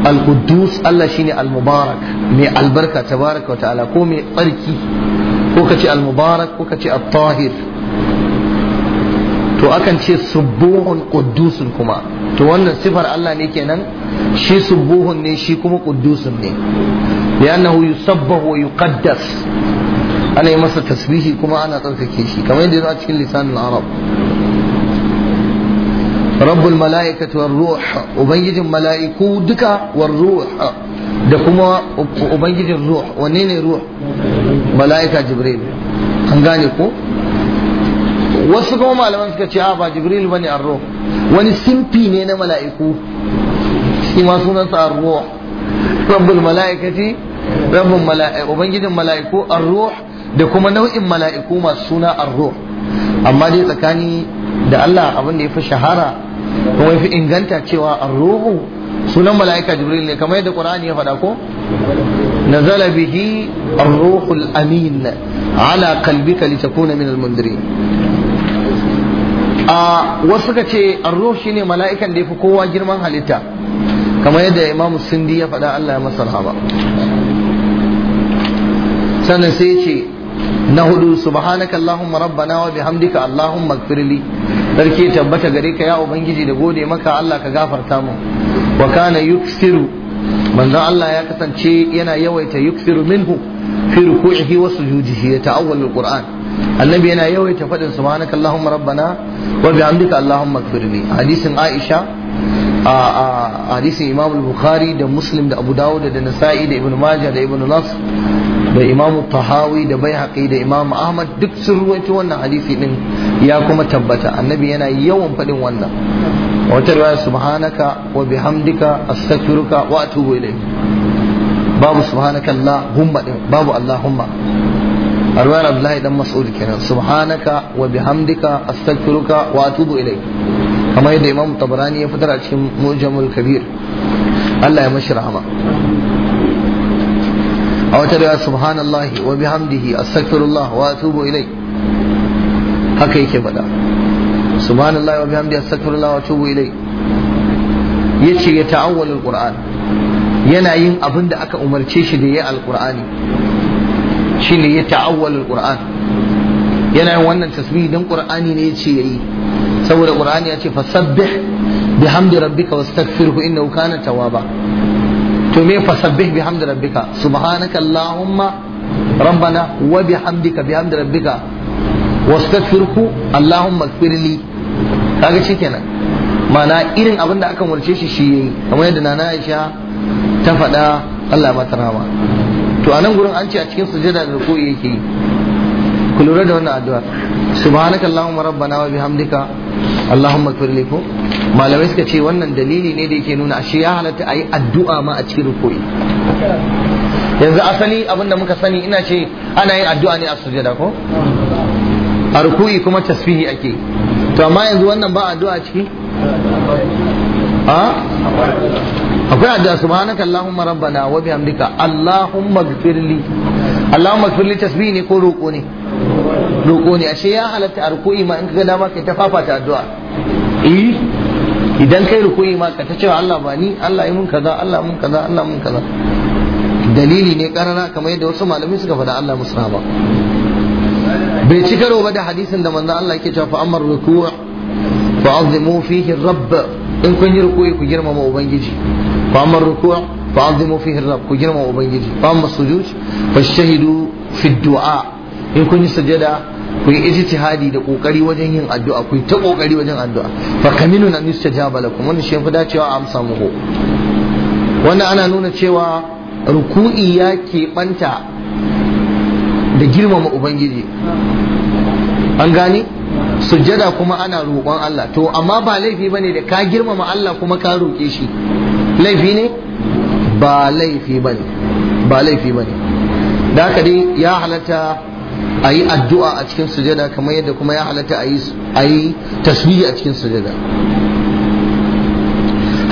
al-quddus Allah shine al-mubarak mai albarka tabaraka wa ta'ala ko mai tsarki ko ka ce al-mubarak ko ka ce al to akan ce subuhun quddusun kuma to wannan sifar Allah ne kenan shi subuhun ne shi kuma quddusun ne li'annahu yusabbahu wa yuqaddas ana yi masa tasbihi kuma ana tsarkake shi kamar yadda a cikin lisanin arab rabbul mala'ikati war ruh ubangijin mala'iku duka war ruh da kuma ubangijin ruh wane ne ruh mala'ika jibril an gane ko wasu kuma malaman suka ce a ba jibril bane arro wani simfi ne na mala'iku shi ma sunansa arro rabbul mala'ikati rabbul mala'iku ubangijin mala'iku arro da kuma nau'in mala'iku masu suna arro amma dai tsakani da Allah abin da ya fi shahara kuma ya fi inganta cewa arruhu sunan mala'ika jibril ne kamar yadda qur'ani ya faɗa ko nazala bihi ar-ruhul amin ala qalbika takuna min al-mundirin a wasu ka ce ar-ruh shine mala'ikan da yafi kowa girman halitta kamar yadda imamu sindi ya faɗa Allah ya masa rahama sannan sai ya ce na hudu subhanaka allahumma rabbana wa bihamdika allahumma ighfirli sarki tabbata gare ka ya ubangiji da gode maka Allah ka gafarta mu wa kana yuksiru manzon Allah ya kasance yana yawaita yuksiru minhu fi ruku'ihi wa sujudihi ya ta'awwal alquran annabi yana yawaita fadin subhanaka allahumma rabbana wa bihamdika allahumma ighfirli hadisin aisha a hadisin imam bukhari da muslim da abu dawud da nasa'i da ibn majah da ibn nas da imam tahawi da baihaqi da imam ahmad duk sun ruwaito wannan hadisi din ya kuma tabbata annabi yana yawan faɗin wannan wata riwaya subhanaka wa bihamdika astaghfiruka wa atubu ilayk babu subhanaka allahumma din babu allahumma a abdullahi dan mas'ud kenan subhanaka wa bihamdika astaghfiruka wa atubu ilayk kamar yadda imam tabarani ya fitar a cikin mujamul kabir Allah ya mashi rahama a wata riwaya subhanallahi wa bihamdihi astaghfirullah wa atubu ilai haka yake faɗa subhanallahi wa bihamdihi astaghfirullah wa atubu ilai yace ya ta'awwal alquran yana yin abin da aka umarce shi da ya alqur'ani shine ya ta'awwal alquran yana yin wannan tasbihi din qur'ani ne yace yayi saboda qur'ani yace fasabbih bihamdi rabbika wastaghfirhu innahu kana tawwaba to me fasabbih bihamdi rabbika subhanaka allahumma rabbana wa bihamdika bihamdi rabbika wastaghfirhu allahumma ighfirli kaga kenan ma'ana irin abinda aka umarce shi shi yayi kamar yadda nana Aisha ta faɗa Allah ya ta rahama to a nan gurin an ce a cikin sujada da ruku'i yake yi ku lura da wannan addu'a subhanaka allahumma rabbana wa bihamdika allahumma ighfir li malamai suka ce wannan dalili ne da yake nuna ashe ya halatta ayi addu'a ma a cikin rukuri yanzu asali abinda muka sani ina ce ana yin addu'a ne a sujada ko a ruku'i kuma tasbihi ake to amma yanzu wannan ba addu'a a ciki akwai addu'a subhanaka allahumma rabbana wa bihamdika allahumma li allahumma li tasbihi ne ko roko ne roƙo ne ashe ya halatta a ruku'i ma in ka ga dama kai ta fafata addu'a eh idan kai ruku'i ma ka ta cewa Allah ba ni Allah yi mun kaza Allah mun kaza Allah mun kaza dalili ne karara kamar yadda wasu malamai suka faɗa Allah musu ba. bai ci karo ba da hadisin da manzo Allah yake cewa fa amar ruku'a fa azimu fihi rabb in kun yi ruku'i ku girmama ubangiji fa amar ruku'a fa azimu fihi rabb ku girmama ubangiji fa amma sujud fa shahidu fi du'a in kun yi sujada ku yi ijtihadi da kokari wajen yin addu'a ku ta kokari wajen addu'a fa kaminu na yustajaba lakum wannan shi fi cewa amsa muku wannan ana nuna cewa ruku'i ya ke keɓanta da girmama ubangiji an gani sujjada kuma ana roƙon Allah to amma ba laifi bane da ka girmama Allah kuma ka roƙe shi laifi ne ba laifi bane ba laifi bane da haka dai ya halatta a yi addu'a a cikin sujada kamar yadda kuma ya halatta a yi tasbihi a cikin sujada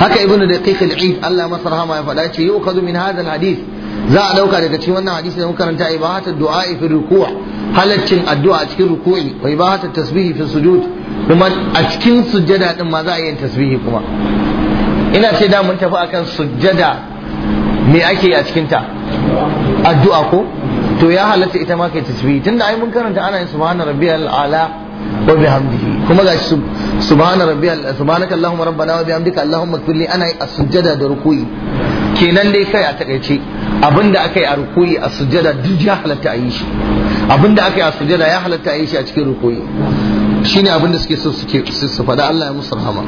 haka ibnu da al-eid Allah masa rahama ya faɗa ce yau kazu min hadha al-hadith za a ɗauka daga cikin wannan hadisi da muka karanta ibahatu du'a fi ruku' halaccin addu'a a cikin ruku'i wa ibahatu tasbihi fi sujud kuma a cikin sujada din ma za a yi tasbihi kuma ina ce da mun tafi akan sujada me ake a cikin ta addu'a ko to ya halatta ita ma kai tasbih tunda ai mun karanta ana yin subhana rabbiyal ala wa bihamdihi kuma gashi subhana rabbiyal subhanaka allahumma rabbana wa bihamdika allahumma kulli ana yi asujjada da ruku'i kenan dai kai a takaice abinda akai a ruku'i a sujjada duk ya halatta a yi shi abinda akai a sujjada ya halatta a yi shi a cikin ruku'i shine abinda suke so suke su faɗa Allah ya musu rahama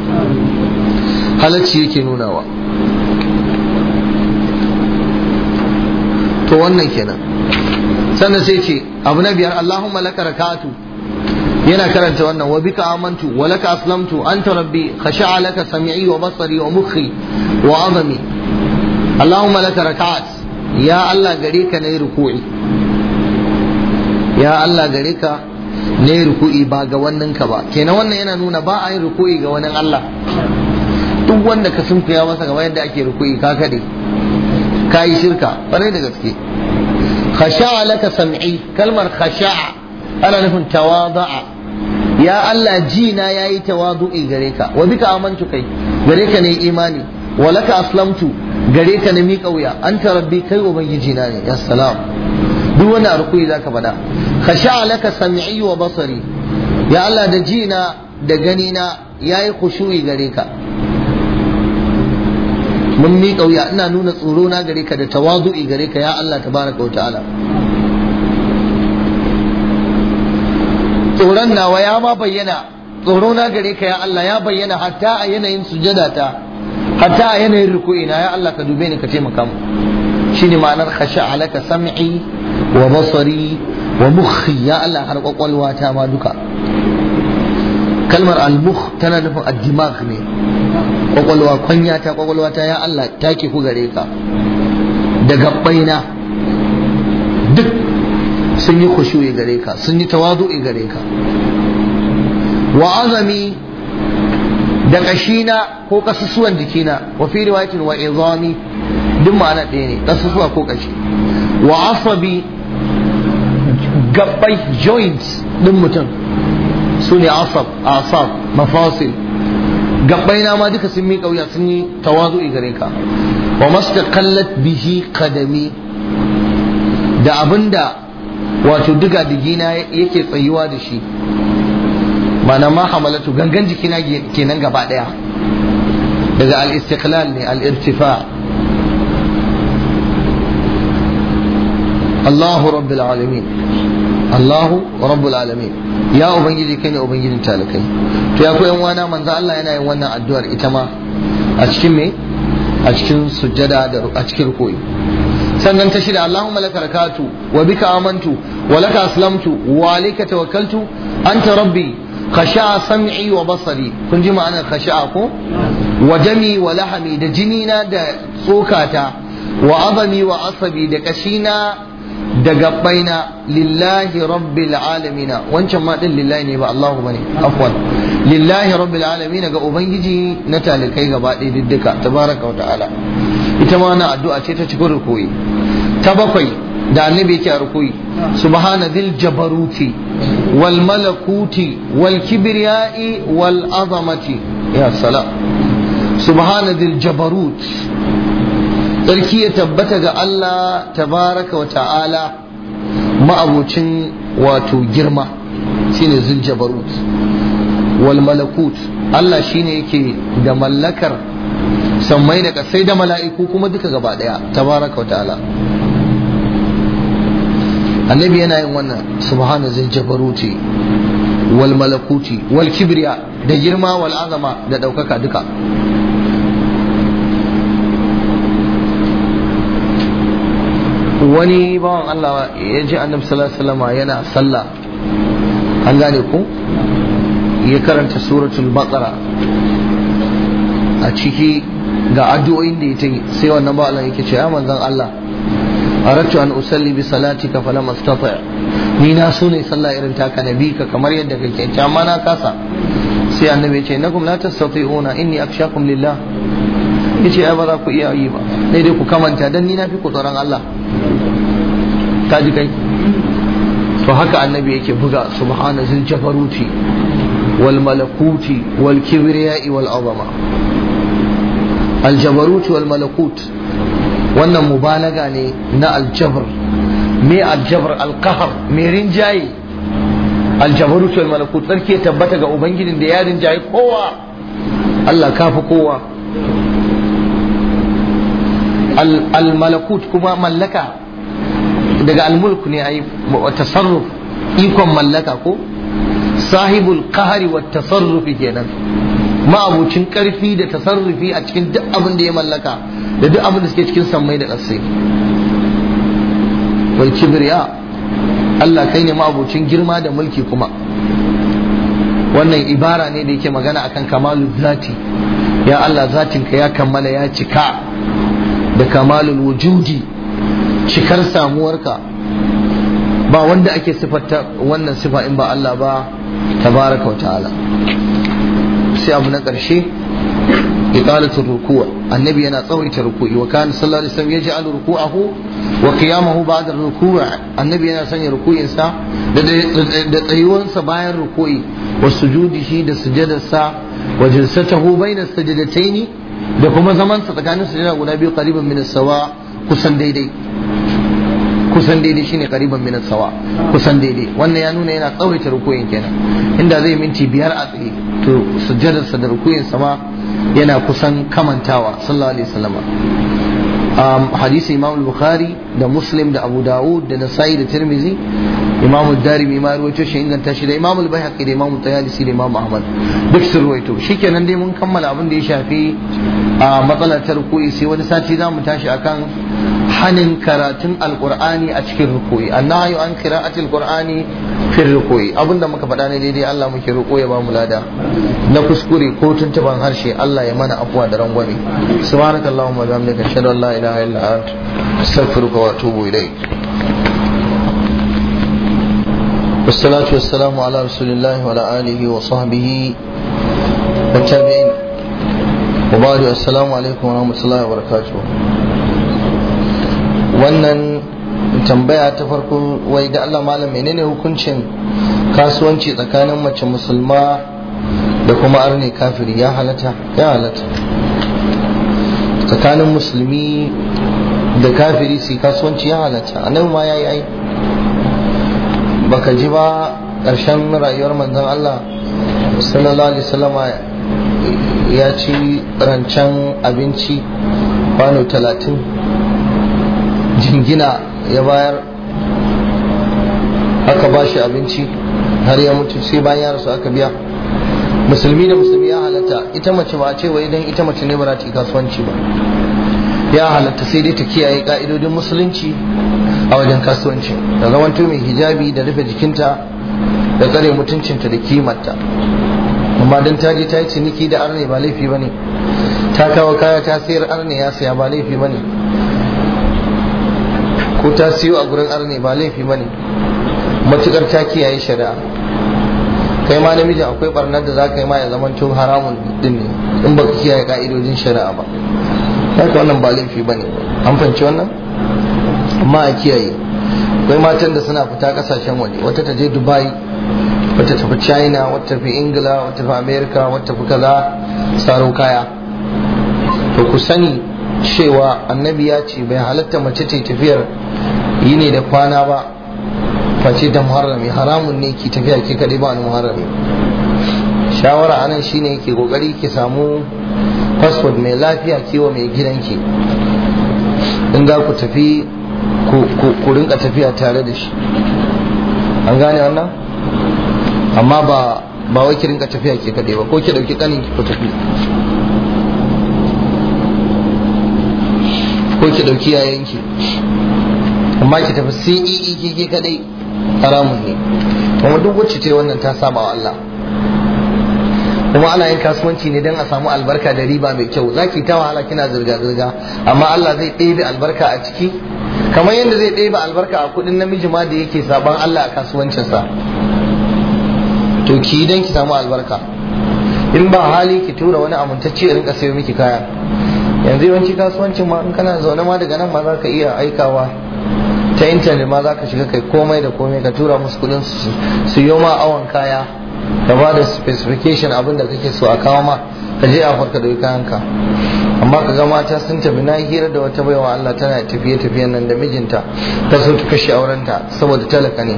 halacci yake nunawa to wannan kenan sannan sai ce abu na biyar Allahumma laka rakatu yana karanta wannan wa bika amantu wa laka aslamtu anta rabbi khasha'a laka sami'i wa basari wa mukhi wa azami Allahumma laka rakat ya Allah gare ka nayi ruku'i ya Allah gare ka nayi ruku'i ba ga wannan ka ba kenan wannan yana nuna ba a yin ruku'i ga wani Allah duk wanda ka sunkuya masa gaba yadda ake ruku'i ka kade ka yi shirka ƙwarai da gaske khasha'a laka sam'i kalmar khasha'a ana nufin tawada'a ya Allah ji na yayi tawadu'i gare ka wa bika amantu kai gareka ka ne imani wa laka aslamtu gare ka miƙa wuya anta rabbi kai ubangiji na ne ya salam duk wani rukui zaka faɗa khasha'a laka sam'i wa basari ya Allah da jina da gani na yayi khushu'i gareka. mun mi kauya ina nuna tsoro na gare ka da tawazu'i gare ka ya Allah tabaraka wa ta'ala tsoron nawa ya ma bayyana tsoro na gare ka ya Allah ya bayyana hatta a yanayin sujadata hatta a yanayin ruku'ina ya Allah ka dube ni ka taimaka mu shine ma'anar khasha alaka sam'i wa basari wa mukhi ya Allah har kwakwalwa ta ma duka kalmar al-mukh tana nufin ad-dimagh ne kwakwalwa kwanya ta kwakwalwa ta ya Allah ta ke ku gare ka da baina duk sun yi khushu'i gare ka sun yi tawadu'i gare ka wa azami da kashina ko kasusuwan jikina wa fi riwayatin wa izami duk ma'ana ɗaya ne kasusuwa ko kashi wa asabi gabbai joints din mutum su ne asab asab mafasil gabbaina ma duka sun miƙa wuya sun yi tawazu'i gare ka wa kallat bihi kadami da abinda wato diga digina yake tsayuwa da shi ma'ana ma hamalatu gangan jikina kenan gaba daya daga al-istiqlal ne al-irtifa Allahu rabbil alamin Allahu rabbul alamin ya ubangiji kai ne ubangijin talakai to ya koyan wana manzo Allah yana yin wannan addu'ar ita ma a cikin me a cikin sujjada da a cikin ruku'i sannan ta shida Allahumma laka rakatu wa bika amantu wa laka aslamtu wa alayka tawakkaltu anta rabbi khasha'a sam'i wa basari kun ji ma'anar khasha'a ko wa dami wa lahami da na da tsokata wa azami wa asabi da na. da baina lillahi rabbil alamina wancan ma din lillahi ne ba Allahu bane afwan lillahi rabbil alamina ga ubangiji na talikai gaba ɗaya diddika tabaraka wa ta'ala ita ma wannan addu'a ce ta cikin rukuyi ta bakwai da annabi yake a rukuyi subhana dhil jabaruti wal malakuti wal kibriyai wal azamati ya salam subhana dhil jabarut sarki ya tabbata ga Allah tabaraka wa ta'ala ma'abucin wato girma shine zuljabarut wal malakut Allah shine yake da mallakar sammai da kasai da mala'iku kuma duka gaba daya tabaraka wa ta'ala annabi yana yin wannan subhana zuljabaruti wal malakuti wal kibriya da girma wal azama da daukaka duka wani bawan Allah ya ji annabi sallallahu alaihi wasallam yana sallah an gane ku? ya karanta suratul baqara a ciki ga addu'o'in da ya sai wannan bawan Allah yake ce ya manzon Allah aratu an usalli bi salatika falam astata ni na so ne sallah irin taka nabi ka kamar yadda kake ta amma na kasa sai annabi ya ce innakum la tastati'una inni akshakum lillah yace ai ba za ku iya yi ba dai dai ku kamanta dan ni na fi ku tsoron Allah Ta ji kai to haka annabi yake buga subhana zil jabaruti wal malakuti wal kibriya'i wal azama al jabaruti wal malakut wannan mubalaga ne na al jabr me al jabr al qahr me rinjaye al jabaruti wal malakut sarki tabbata ga ubangijin da ya rinjaye kowa Allah kafi kowa al malakut kuma mallaka daga almulku ne ai tasarruf ikon mallaka ko sahibul qahri wa tasarrufi kenan ma'abucin karfi da tasarrufi a cikin duk abin da ya mallaka da duk abin da suke cikin sammai da ƙasai wal kibriya Allah kai ne ma'abucin girma da mulki kuma wannan ibara ne da yake magana akan kamalu zati ya Allah ka ya kammala ya cika da kamalul wujudi cikar samuwarka ba wanda ake sifarta wannan sifa in ba Allah ba tabaraka wa ta'ala sai abu na ƙarshe iqalatul ruku' annabi yana tsawaita ruku'i wa kana sallallahu alaihi wasallam yaj'al ruku'ahu wa qiyamahu ba'da ruku' annabi yana sanya ruku'in sa da tsayuwan sa bayan ruku'i wa sujudihi da sujadarsa wa jalsatahu baina sajadataini da kuma zaman sa tsakanin sujada guda biyu qariban min sawa kusan daidai kusan daidai shine kariban min sawa kusan daidai wannan ya nuna yana tsawaita rukuyin kenan inda zai minti biyar a tsaye to sujjadar sa da rukuyin sama yana kusan kamantawa sallallahu alaihi wasallam um, hadisi imam bukhari da muslim da abu dawud da nasai da tirmizi imam darimi ma ruwaito shi inganta shi da imam al da imam tayalisi da imam ahmad duk sun ruwaito shikenan dai mun kammala abin da ya shafi a uh, matsalar tarkuyi sai wani sati za mu tashi akan hanin karatun alkur'ani a cikin rukuyi annahu an qira'atil qur'ani fi rukuyi abinda muka faɗa ne daidai Allah muke roƙo ya ba mu lada na kuskure ko tuntuban harshe Allah ya mana afuwa da rangwame subhanakallahumma wa bihamdika ashhadu an la ilaha illa anta astaghfiruka wa atubu ilaik والصلاة والسلام على رسول الله وعلى آله وصحبه والتابعين وبعد السلام عليكم ورحمة wa وبركاته wannan tambaya ta farko wai da Allah malam menene hukuncin kasuwanci tsakanin mace musulma da kuma arne kafiri ya halata ya halata tsakanin musulmi da kafiri su kasuwanci ya halata a nan ma ya yi ai baka ji ba ƙarshen rayuwar manzon Allah sallallahu alaihi wasallama ya ci rancen abinci kwano talatin jingina ya bayar aka ba shi abinci har ya mutu sai bayan ya rasu aka biya musulmi da musulmi ya halatta ita mace ba a ce wa idan ita mace ne ba za ta yi kasuwanci ba ya halatta sai dai ta kiyaye ka'idodin musulunci a wajen kasuwanci da zamanto mai hijabi da rufe jikinta da tsare mutuncinta da kimarta amma don ta je ta yi ciniki da arne ba laifi ba ne ta kawo kaya ta sayar arne ya saya ba laifi ba ne ko ta siyo a gurin arne ba laifi bane matukar ta kiyaye shari'a kai ma namijin akwai barnar da za ka yi ma ya zaman to haramun din ne in ba ka kiyaye ka'idojin shari'a ba haka wannan ba laifi bane an fanci wannan amma a kiyaye akwai matan da suna fita kasashen waje wata ta je dubai wata tafi china wata tafi ingila wata tafi america wata tafi kaza saro kaya to ku sani cewa annabi ya ce bai halatta mace ce tafiyar yi ne da kwana ba face ta muharrami haramun ne ki tafiya ke kaɗai ba wani muharrami shawara anan shine ke kokari ki samu fasfod mai lafiya kewa mai gidanki in ga ku tafi ku rinka tafiya tare da shi an gane wannan amma ba ba wai ki rinka tafiya ke kaɗai ba ko ki ɗauki ƙanin ki ku tafi ko ki ɗauki yayanki amma ki tafi CEE ii kike kadai haramun ne kuma duk wacce ta wannan ta saba wa Allah kuma ana yin kasuwanci ne don a samu albarka da riba mai kyau za ki ta wahala kina zirga-zirga amma Allah zai ɗebe albarka a ciki kamar yadda zai ɗebe albarka a kuɗin namiji ma da yake saban Allah a kasuwancinsa to ki don ki samu albarka in ba hali ki tura wani amintacce rinka sayo miki kaya yanzu yawanci kasuwancin ma in kana zaune ma daga nan ma za ka iya aikawa ta intanet ma za ka shiga kai komai da komai ka tura musu kudin su yi ma awon kaya ka ba da specification abin da kake so a kawo ma ka je a farka kayan kayanka amma ka ga mata sun tafi na hira da wata baiwa Allah tana tafiye tafiye nan da mijinta ta so ta kashe aurenta saboda talaka ne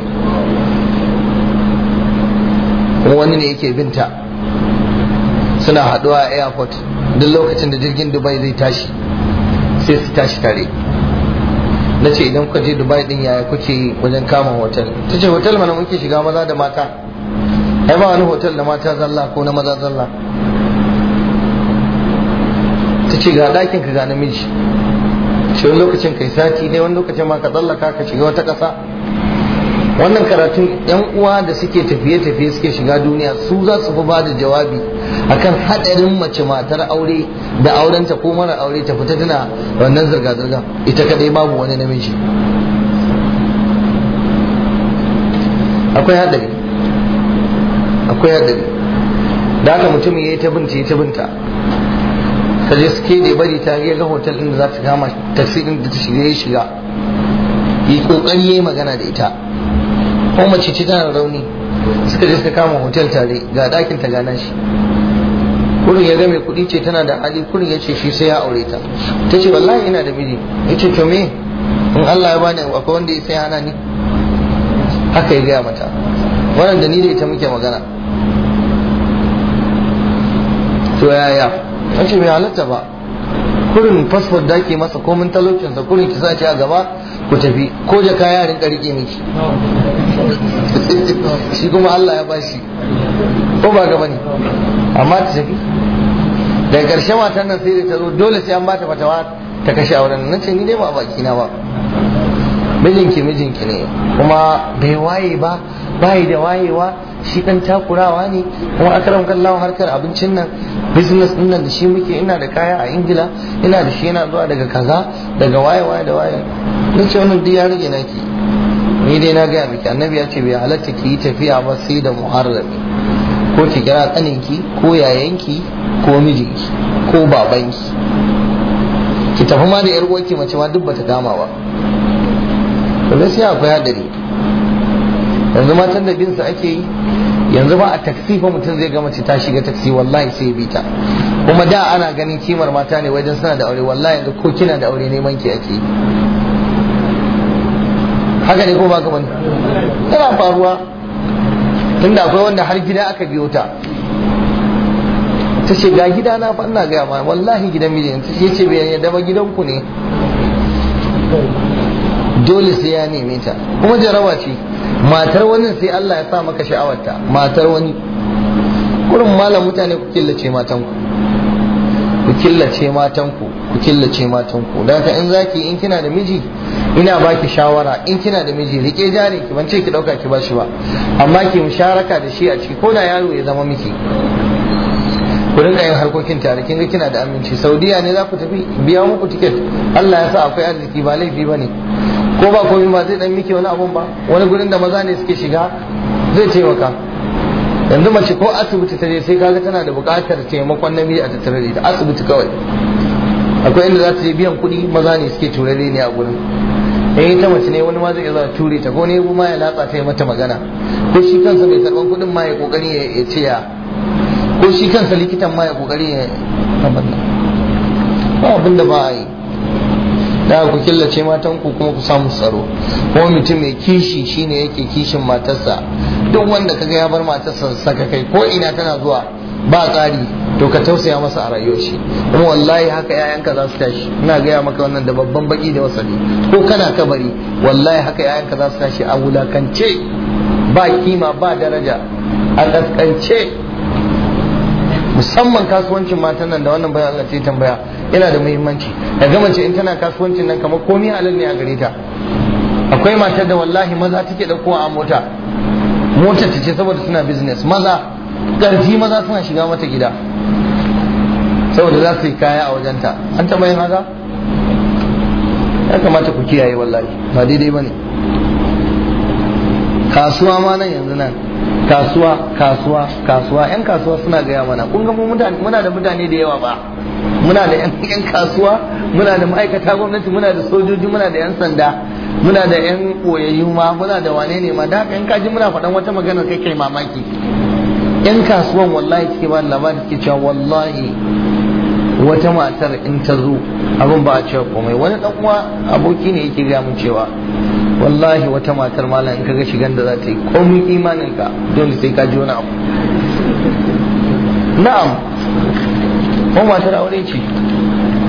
wani ne yake binta suna haduwa a airport duk lokacin da jirgin dubai zai tashi sai su tashi tare na ce idan kuka je dubai din yaya kuke wajen kama hotel ta ce hotel mana muke shiga maza da mata ai ba wani hotel da mata zalla ko na maza zalla ta ce ga ɗakin ka ga namiji ce wani lokacin kai sati ne wani lokacin ma ka tsallaka ka shiga wata ƙasa wannan karatun yan uwa da suke tafiye-tafiye suke shiga duniya su za su fi ba da jawabi akan hadarin mace matar aure da aurenta ko mara aure ta fita tana wannan zirga-zirga ita kadai babu wani namiji akwai hadari akwai hadari da haka mutum ya yi ta binta ya ta binta ta je suke da bari ta ya ga hotel din da za ta kama tafsirin da ta shiga ya shiga yi kokari ya yi magana da ita ko mace ce tana rauni suka je suka kama hotel tare ga ɗakin ta gana shi kurin ya ga mai kuɗi ce tana da hali kurin ya ce shi sai ya aure ta ta ce wallahi ina da miji ya ce to me in Allah ya bani akwai wanda ya sai hana ni haka ya gaya mata wannan ni da ita muke magana to yaya an ce mai halatta ba kurin fasfot da ke masa komin talaucinsa kurin ki ce a gaba ku tafi ko jaka yarin karke miki shi kuma Allah ya bashi ko ba gaba ne amma ta tafi daga ƙarshen matan nan sai da ta zo dole sai an bata fatawa ta kashe wurin nan ce ni dai ba baki na ba mijinki mijinki ne kuma bai waye ba bai da wayewa shi dan takurawa ne kuma akram kallahu harkar abincin nan business din nan da shi muke ina da kaya a ingila ina da shi yana zuwa daga kaza daga waye waye da waye ya ce wannan duk ya rage naki ni dai na gaya miki annabi ya ce bai halatta ki yi tafiya ba sai da muharrami ko ki kira tsaninki ko yayanki ko mijinki ko babanki ki tafi ma da yar uwarki mace ma duk bata dama ba to sai akwai hadari yanzu matan da binsa ake yi yanzu ba a taksi fa mutum zai ga mace ta shiga taksi wallahi sai bi ta kuma da ana ganin kimar mata ne wajen suna da aure wallahi yanzu ko kina da aure neman ki ake yi haka ne ko ba kamar tana faruwa tunda akwai wanda har gida aka biyo ta ta ce ga gida na fa ina gaya ma wallahi gidan mijin ta ce bayan yadda ba gidanku ne dole sai ya neme ta kuma jarawa ce matar wani sai Allah ya sa maka sha'awarta matar wani kurin malam mutane ku killace matanku ku killace matanku killace matan ku ka in zaki in kina da miji ina baki shawara in kina da miji rike jari ki ban ce ki dauka ki bashi ba amma ki musharaka da shi a ciki ko da yaro ya zama miki ku rinka yin harkokin tare kin kina da aminci saudiya ne za ku tafi biya muku tiket Allah ya sa akwai arziki ba laifi bane ko ba komai ba zai dan miki wani abun ba wani gurin da maza ne suke shiga zai taimaka yanzu mace ko asibiti ta je sai kaga tana da buƙatar taimakon namiji a tattare da ita asibiti kawai akwai inda za su je biyan kuɗi maza ne suke turare ne a gurin eh ta mace ne wani ma zai a ture ta ko ne ma ya latsa ta mata magana ko shi kansa mai karban kuɗin ma ya kokari ya ce ya ko shi kansa likitan ma ya kokari ya tabbata ba abin ba a yi da ku killace matan ku kuma ku samu tsaro kuma mutum mai kishi shine yake kishin matarsa duk wanda kaga ya bar matarsa saka kai ko ina tana zuwa ba tsari to ka tausaya masa a rayuwar shi kuma wallahi haka yayanka za su tashi ina gaya maka wannan da babban baki da wasali ko kana kabari wallahi haka yayanka za su tashi a wulakance ba kima ba daraja a kaskance musamman kasuwancin matan nan da wannan bayan Allah ce tambaya yana da muhimmanci da gama ce in tana kasuwancin nan kamar komai halal ne a gare ta akwai matar da wallahi maza take da kowa a mota mota ta ce saboda suna business maza ƙarfi maza suna shiga mata gida saboda za su yi kaya a wajenta an taɓa yin haka ya kamata ku kiyaye wallahi ba daidai ba ne kasuwa ma nan yanzu nan kasuwa kasuwa kasuwa yan kasuwa suna gaya mana kun ga muna da mutane da yawa ba muna da yan kasuwa muna da ma'aikata gwamnati muna da sojoji muna da yan sanda muna da yan koyayyu ma muna da wane ne ma da haka yan kaji muna faɗan wata magana kai kai mamaki in kasuwan wallahi ke ba labari ke cewa wallahi wata matar in ta zo abin ba a cewa komai wani dan uwa aboki ne yake gaya mun cewa wallahi wata matar malam in kaga shigan da za ta yi komai imanin ka dole sai ka ji wani abu na'am ko matar aure ce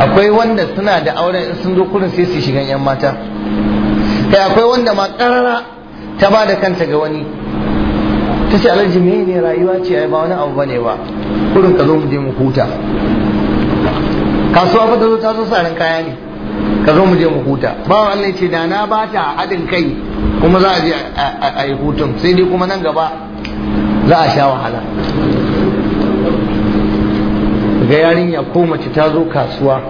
akwai wanda suna da auren in sun zo kurin sai su shigan yan mata kai akwai wanda ma karara ta ba da kanta ga wani ta ce alhaji ne rayuwa ce ai ba wani abu bane ba kurin ka zo mu je mu huta kasuwa fa ta zo ta zo sarin kaya ne ka zo mu je mu huta wa Allah ce da na bata haɗin kai kuma za a je a yi hutun sai dai kuma nan gaba za a sha wahala ga yarinya ko mace ta zo kasuwa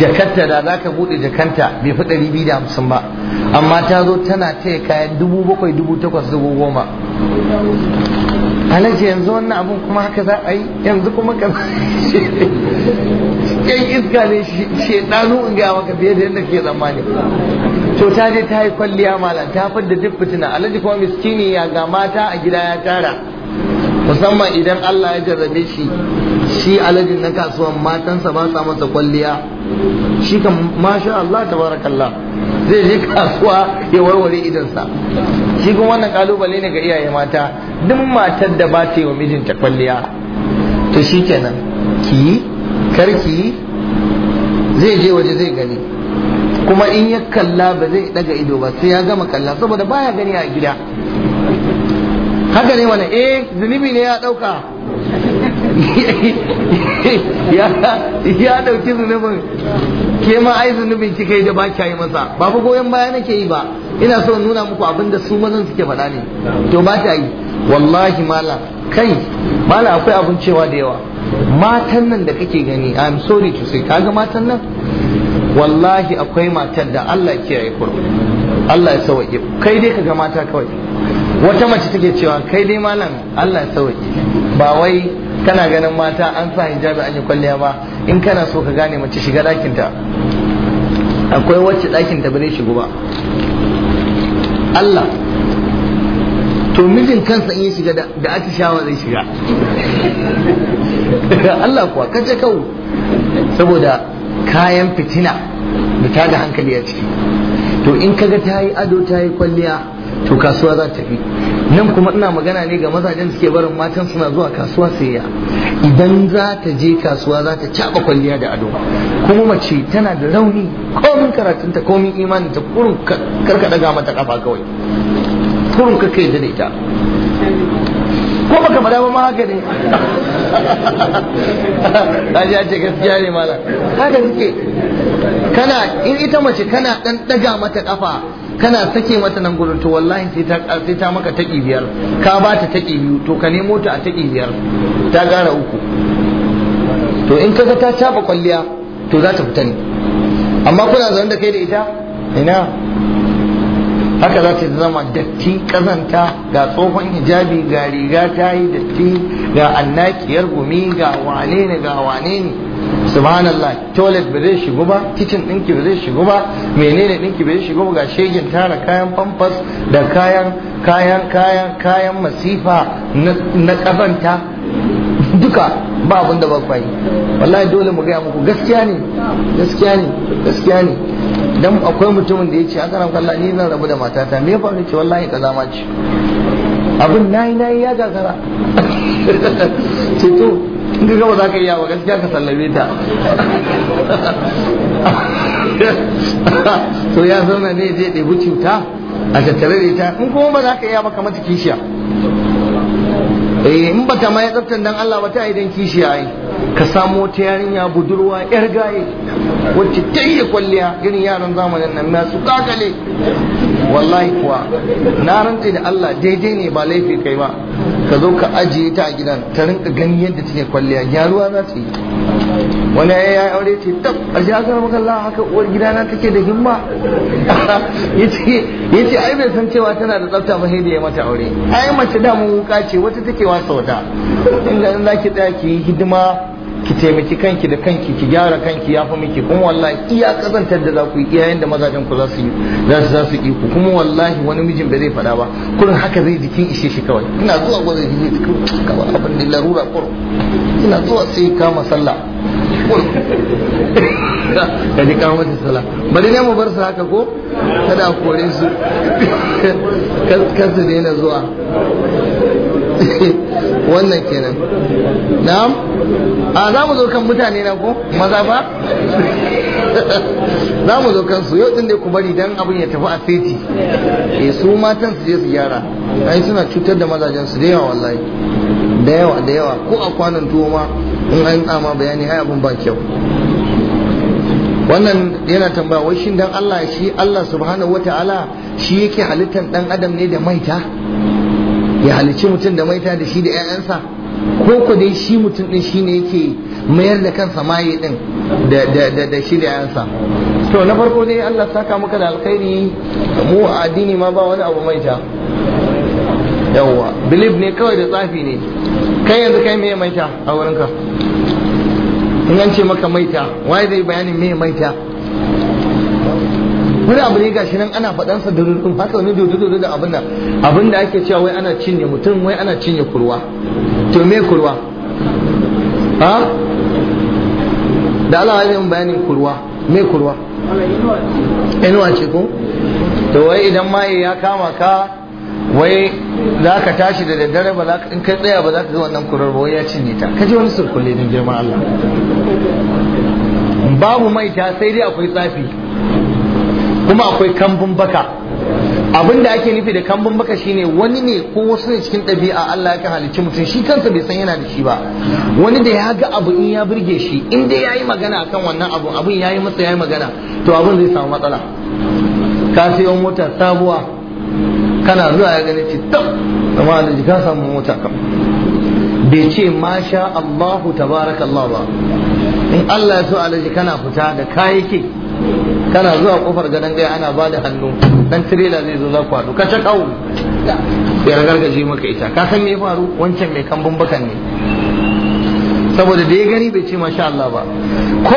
jakarta da za ka buɗe jakanta bai fi ɗari biyu da hamsin ba amma ta zo tana taya kayan dubu bakwai dubu takwas dubu goma alaji yanzu wannan abun kuma haka za a yi yanzu kuma ka yan iska ne shi ɗanu in ga maka fiye da yadda ke tsammani. to ta je ta yi kwalliya malam ta fidda duk fitina alaji kuma miskini ya ga mata a gida ya tara musamman idan Allah ya jarrabe shi shi aladin na kasuwan matansa ba sa masa kwalliya shi kan masha Allah tabarakallah zai je kasuwa ya warware idansa shi kuma wannan kalubale ne ga iyaye mata duk matar da ba ta yi wa mijinta kwalliya to shi kenan ki yi karki zai je waje zai gani kuma in ya kalla ba zai daga ido ba sai ya gama kalla saboda baya gani a gida haka ne wani eh zunubi ne ya dauka ya dauki zunubin ke ma ai zunubin kika yi da ba kya yi masa ba fa goyon baya nake yi ba ina so nuna muku abin da su mazan suke faɗa ne to ba ta yi wallahi mala kai mala akwai abin cewa da yawa matan nan da kake gani i'm sorry to say kaga matan nan wallahi akwai matan da Allah ya kiyaye kuro. Allah ya sauke kai dai kaga mata kawai wata mace take cewa kai dai malam Allah ya sauke ba wai kana ganin mata an sa hijabi an yi kwalliya ba in kana so ka gane mace shiga ɗakinta akwai wacce ɗakinta ta bane shigo ba Allah to mijin kansa in ya shiga da shawa zai shiga Allah kuwa kace kawo saboda kayan fitina da ta da hankali a ciki to in kaga ta yi ado ta yi kwalliya to kasuwa za ta tafi nan kuma ina magana ne ga mazajen suke barin matan suna zuwa kasuwa sayayya idan za ta je kasuwa za ta caba kwalliya da ado kuma mace tana da rauni komin karatunta komin ta kurun karka daga mata kafa kawai kurun ka kai da ita ko baka bada ba ma haka ne aji ce gaskiya ne malam haka suke kana in ita mace kana dan daga mata kafa kana sake mata nan gudun to wallahi sai ta sai ta maka taki biyar ka ba ta taki biyu to ka nemo ta a taki biyar ta gara uku to in kaga ta caba kwalliya to za ta fita ne amma kuna zaune da kai da ita ina haka za ta zama datti kazanta ga tsohon hijabi ga riga ta yi datti ga annakiyar gumi ga wane ne ga wane ne subhanallah toilet ba zai shigo ba kitchen ɗinki ba zai shigo ba menene ɗinki ba zai shigo ba ga shegin tara kayan pampers da kayan kayan kayan kayan masifa na ƙazanta duka ba abin da ba kwayi wallahi dole mu gaya muku gaskiya ne gaskiya ne gaskiya ne dan akwai mutumin da ya ce aka Allah ni zan rabu da matata me ba ce wallahi kaza ma ce abin nayi nayi ya gagara ce to in ka gaba za ka yi yawa gaskiya ka sallame ta to ya zauna ne zai ɗebi cuta a tattare da ita in kuma ba za ka yi yawa kamata kishiya eh, in ba ta ma ya tsaftan dan Allah ba ta idan kishiya ai ka samo wata yarinya budurwa yar gaye wacce ta yi kwalliya irin yaran zamanin nan masu kakale wallahi kuwa na rantse da Allah daidai ne ba laifi kai ba ka zo ka ajiye ta a gidan ta rinka gani yadda take kwalliya gyaruwa za ta yi wani ya yi aure ce tab a ji aka maka haka uwar gidana take da himma Ya ce ai bai san cewa tana da tsafta ba da ya mata aure ai mace da mun wuka ce wata take wasa wata inda za zaki tsaya ki yi hidima ki taimaki kanki da kanki ki gyara kanki ya fi miki kuma wallahi iya kazantar da za ku yi iyayen da mazajen ku za su yi za su yi ku kuma wallahi wani mijin ba zai faɗa ba kurin haka zai jikin ishe shi kawai ina zuwa gwazai jiki kawai abin da larura kuro ina zuwa sai kama sallah ka ji kama mata Sallah. bari ne mu bar su haka ko kada a kore su kan su daina zuwa wannan kenan na'am a za mu zo mutane na ko maza ba za mu zo su yau din dai ku bari dan abin ya tafi a feti eh su matan su je su gyara ai suna cutar da mazajen su da yawa wallahi da yawa ko a kwanan tuwo ma in an tsama bayani ai abin ba kyau wannan yana tambaya wai shin dan Allah shi Allah subhanahu wataala shi yake halittar dan adam ne da maita ya halicci mutum da maita da shi da 'ya'yansa ko ku dai shi mutum din shi ne yake mayar da kansa maye din da shi da 'ya'yansa to na farko dai Allah saka maka da alkhairi mu a addini ma ba wani abu mai ta yawwa believe ne kawai da tsafi ne kai yanzu kai me maita a wurinka in an ce maka maita waye zai bayanin me maita wani abu ne shi nan ana faɗansa da rurrun haka wani dodo da abin nan abin da ake cewa wai ana cinye mutum wai ana cinye kurwa to me kurwa ha da Allah ya yi bayanin kurwa me kurwa inuwa ce ko to wai idan maye ya kama ka wai za ka tashi da daddare ba in kai tsaya ba za ka ga wannan kurar ba wai ya cinye ta ji wani surkulle na girman Allah babu maita sai dai akwai tsafi kuma akwai kambun baka abin da ake nufi da kambun baka shine wani ne ko wasu ne cikin ɗabi'a Allah ya ka halicci mutum shi kansa bai san yana da shi ba wani da ya ga abu in ya burge shi in dai yayi magana akan wannan abu abin yayi masa yayi magana to abin zai samu matsala ka sayo mota sabuwa kana zuwa ya gani ce tab amma da ka samu mota kam bai ce masha Allahu tabarakallah ba in Allah ya so alaji kana fita da kayayyaki kana zuwa kofar gadon gaya ana ba da hannu dan tirela zai zo za ku haɗu ka ta kawo ya ragargaje maka ita ka san me faru wancan mai kambun bakan ne saboda da ya gani bai ce masha Allah ba ko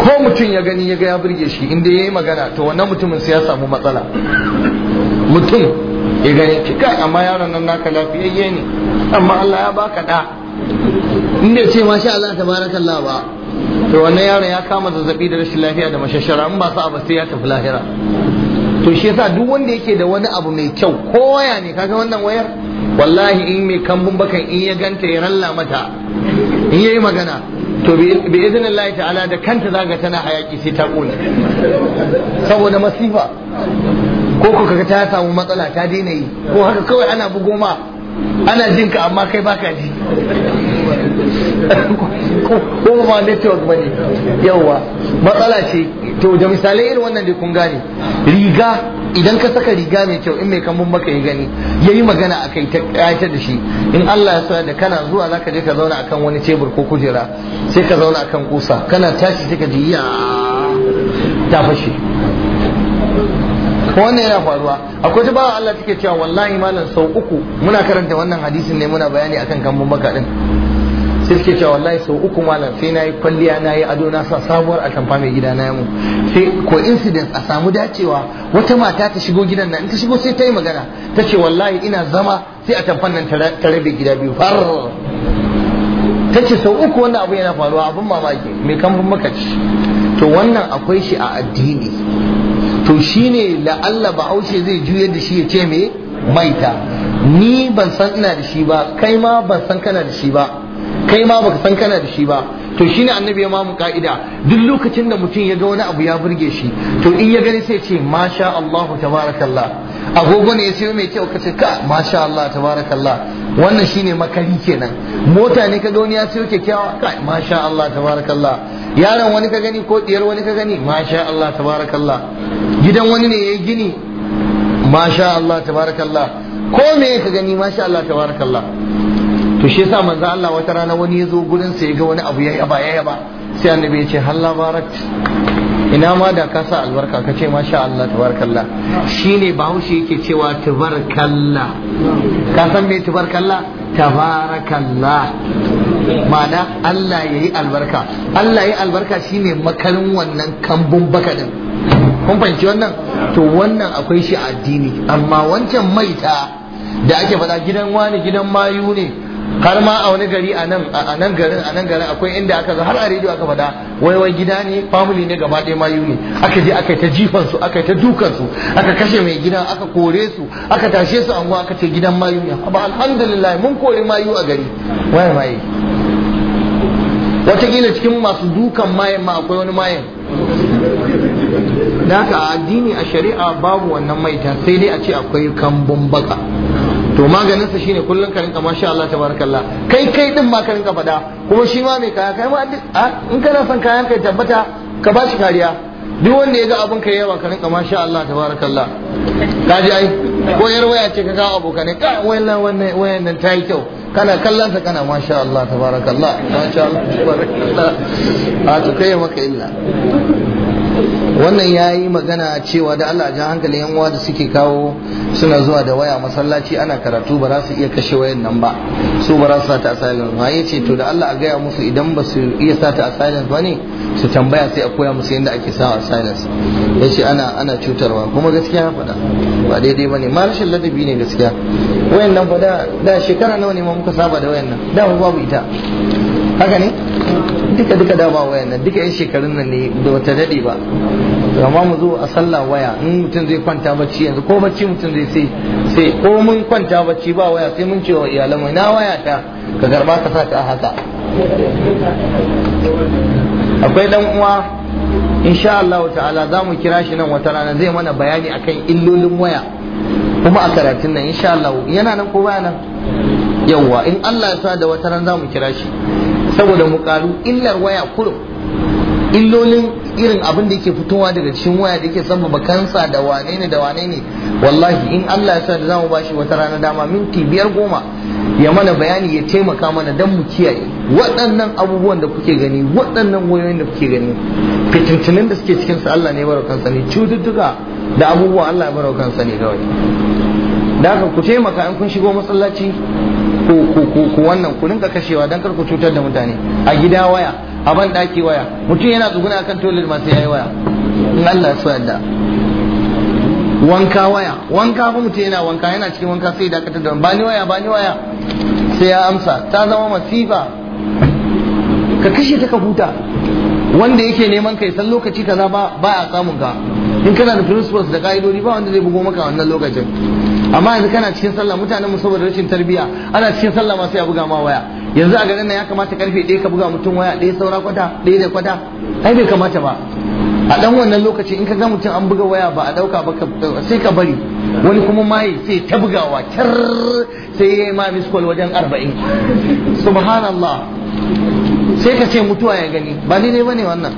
ko mutum ya gani ya ga ya burge shi inda yayi magana to wannan mutumin sai ya samu matsala mutum ya gani kika amma yaron nan naka lafiyayye ne amma Allah ya baka da inda ce masha Allah tabarakallah ba to wannan yaron ya kama zazzabi da rashin lafiya da mashashara in ba sa ba sai ya tafi lahira to shi yasa duk wanda yake da wani abu mai kyau ko waya ne kaga wannan wayar wallahi in mai kambun bakan in ya ganta ya ralla mata in yayi magana to bi iznillahi ta'ala da kanta zaga tana hayaki sai ta kone saboda masifa ko ku kaga ta samu matsala ta daina yi ko haka kawai ana bugo ma ana jinka amma kai baka ji ko ma network ba ne yawa matsala ce to da misalai irin wannan da kun gane riga idan ka saka riga mai kyau in mai kambun maka yi gani ya yi magana a kai ta kayata da shi in Allah ya sa da kana zuwa za ka je ka zauna akan wani tebur ko kujera sai ka zauna akan kusa kana tashi sai ka ji ya ta fashe wannan yana faruwa akwai ta bawa Allah take cewa wallahi malam sau uku muna karanta wannan hadisin ne muna bayani akan kambun maka din sai suke cewa wallahi sau uku malam sai na yi kwalliya na yi ado na sa sabuwar atamfa mai gida na mu sai incident a samu dacewa wata mata ta shigo gidan nan in ta shigo sai ta yi magana ta ce wallahi ina zama sai atamfan nan ta rabe gida biyu far ta ce sau uku wannan abu yana faruwa abin mamaki mai kamfan maka ci to wannan akwai shi a addini to shine la'alla bahaushe zai juyar da shi ya ce me maita ni ban san ina da shi ba kai ma ban san kana da shi ba kai ma baka san kana da shi ba to shine annabi ya mamu ka'ida duk lokacin da mutum ya ga wani abu ya burge shi to in ya gani sai ce masha Allah! tabarakallah agogo ne ya siyo mai kyau kace ka masha Allah tabarakallah wannan shine makari kenan mota ne ka gani ya siyo kyakkyawa ka masha Allah tabarakallah yaron wani ka gani ko diyar wani ka gani masha Allah tabarakallah gidan wani ne yayi gini masha Allah tabarakallah ko me ka gani masha Allah tabarakallah to shi yasa manzo Allah wata rana wani ya zo gurin sa ya ga wani abu ya ba ya ba sai annabi ya ce halla barakat ina ma da ka sa albarka ka ce masha Allah tabarakallah shine bahaushe yake cewa tabarakallah ka san me tabarakallah tabarakallah ma'ana Allah ya albarka Allah yayi albarka shine makarin wannan kambun baka din kun fahimci wannan to wannan akwai shi addini amma wancan maita da ake faɗa gidan wani gidan mayu ne har ma a wani gari a nan a nan garin a nan garin akwai inda aka ga har a rediyo aka faɗa wai wai gida ne family ne gaba ɗaya mayu ne aka je aka ta jifan su aka ta dukan su aka kashe mai gidan aka kore su aka tashe su anguwa aka ce gidan mayu ne ba alhamdulillah mun kore mayu a gari waye maye wataƙila cikin masu dukan mayan ma akwai wani mayan da haka a addini a shari'a babu wannan maita sai dai a ce akwai kambun baka to maganin sa shine kullun ka rinka masha Allah tabarakallah kai kai din ma ka rinka fada kuma shi ma mai kaya kai ma in kana son kayan kai tabbata ka bashi kariya duk wanda ya ga abin kai yawa ka rinka masha Allah tabarakallah kaji ai ko yar waya ce ka ga abokanai ka wannan wannan wayan nan tayi kyau kana kallon sa kana masha Allah tabarakallah masha Allah tabarakallah a to kai maka illa wannan ya yi magana cewa da Allah jan hankalin yan uwa da suke kawo suna zuwa da waya masallaci ana karatu ba za su iya kashe wayan nan ba su ba za su sata a ba ya ce to da Allah a gaya musu idan ba su iya sata a silence ba ne su tambaya sai a koya musu yadda ake sawa a ya ce ana ana cutarwa kuma gaskiya faɗa ba daidai ba ne ma ladabi ne gaskiya wayan nan ba da shekara nawa ne ma muka saba da wayan nan da babu ita haka ne duka duka dama wayan nan duka yan shekarun nan ne da wata dade ba amma mu zo a sallah waya in mutum zai kwanta bacci yanzu ko bacci mutum zai sai sai ko mun kwanta bacci ba waya sai mun ce wa iyalan mai na waya ta ka garba ka sa ta haka akwai dan uwa insha Allah ta'ala za mu kira shi nan wata rana zai mana bayani akan illolin waya kuma a karatun nan insha Allah yana nan ko baya nan yawwa in Allah ya sa da wata ran za mu kira shi saboda mu karu illar waya kurum illolin irin abin da yake fitowa daga cikin waya da yake ba kansa da wane ne da wane ne wallahi in Allah ya sa da zamu bashi wata rana dama minti biyar goma ya mana bayani ya taimaka mana dan mu kiyaye waɗannan abubuwan da kuke gani waɗannan wayoyin da kuke gani fitintunin da suke cikin su Allah ne ya baro kansa ne cututtuka da abubuwan Allah ya baro kansa ne kawai da ku taimaka in kun shigo masallaci ku wannan ku rinka kashewa dan karku cutar da mutane a gida waya a ban daki waya mutum yana tsuguna akan toilet ma sai yayi waya in Allah ya wanka waya wanka mutum yana wanka yana cikin wanka sai dakatar da ba ni waya ba ni waya sai ya amsa ta zama masifa ka kashe ta ka huta wanda yake neman kai san lokaci kaza ba ba a samun ka in kana da principles da ka'idodi ba wanda zai bugo maka wannan lokacin amma yanzu kana cikin sallah mutanen mu saboda rashin tarbiya ana cikin sallah ma sai a buga ma waya yanzu a garin nan ya kamata karfe ɗaya ka buga mutum waya ɗaya saura kwata ɗaya da kwata ai bai kamata ba a dan wannan lokaci in ka ga mutum an buga waya ba a ɗauka ba sai ka bari wani kuma mai sai ta bugawa kyar sai ya yi ma miskol wajen arba'in subhanallah sai ka ce mutuwa ya gani ba daidai ba ne wannan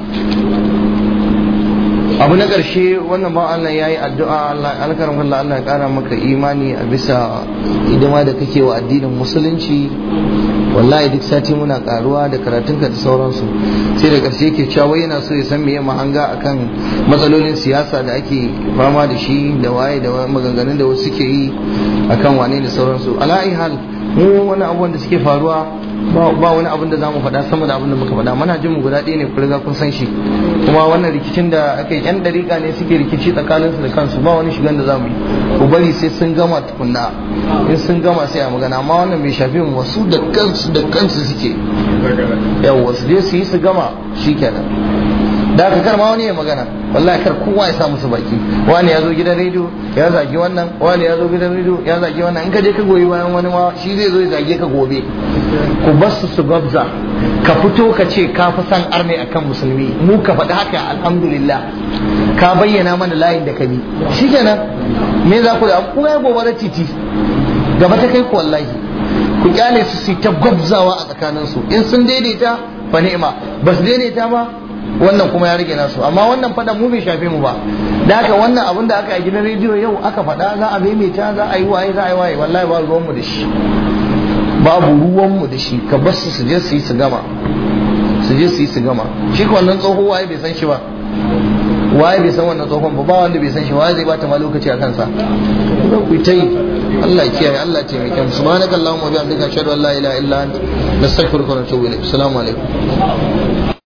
abu na ƙarshe wannan ba Allah ya yi addu'a alkarin Allah Allah ya ƙara maka imani a bisa hidima da kake wa addinin musulunci wallahi duk sati muna karuwa da karatun ka da sauransu sai da ƙarshe ke cewa yana so ya san meye mahanga akan matsalolin siyasa da ake fama da shi da waye da maganganun da wasu ke yi akan wane da sauransu ala'ihal mu wani abubuwan da suke faruwa ba wani abin da za mu faɗa sama da abin da muka faɗa jin mu guda ɗaya ne ku riga kun san shi kuma wannan rikicin da aka yi yan dariƙa ne suke rikici tsakanin su da kansu ba wani shigan da za mu yi ku bari sai sun gama tukunna in sun gama sai a magana amma wannan bai shafi mu wasu da kansu da kansu suke yawa su je su yi su gama shikenan da aka kar wani ya magana wallahi kar kowa ya samu musu baki wani ya zo gidan rediyo ya zagi wannan wani ya zo gidan rediyo ya zagi wannan in ka je ka goyi bayan wani ma shi zai zo ya zage ka gobe ku bar su su gabza ka fito ka ce ka fi san arne akan musulmi mu ka faɗi haka alhamdulillah ka bayyana mana layin da ka bi shi shikenan me za ku da ku ga da titi gaba ta kai ku wallahi ku kyale su su ta gwabzawa a tsakaninsu in sun daidaita fa ni'ima ba su daidaita ba wannan kuma ya rage nasu amma wannan fadan mu bai shafe mu ba da haka wannan abin da aka yi gidan rediyo yau aka faɗa za a maimaita za a yi waye za a yi waye wallahi ba ruwan mu da shi babu ruwan mu da shi ka bar su su je su yi su gama su je su yi su gama shi ko wannan tsoho waye bai san shi ba waye bai san wannan tsohon ba ba wanda bai san shi waye zai bata ma lokaci a kansa zan ku ta yi Allah ya kiyaye Allah ya taimake mu subhanakallahumma wa bihamdika ashhadu an la ilaha illa anta nastaghfiruka wa natubu ilayk assalamu alaikum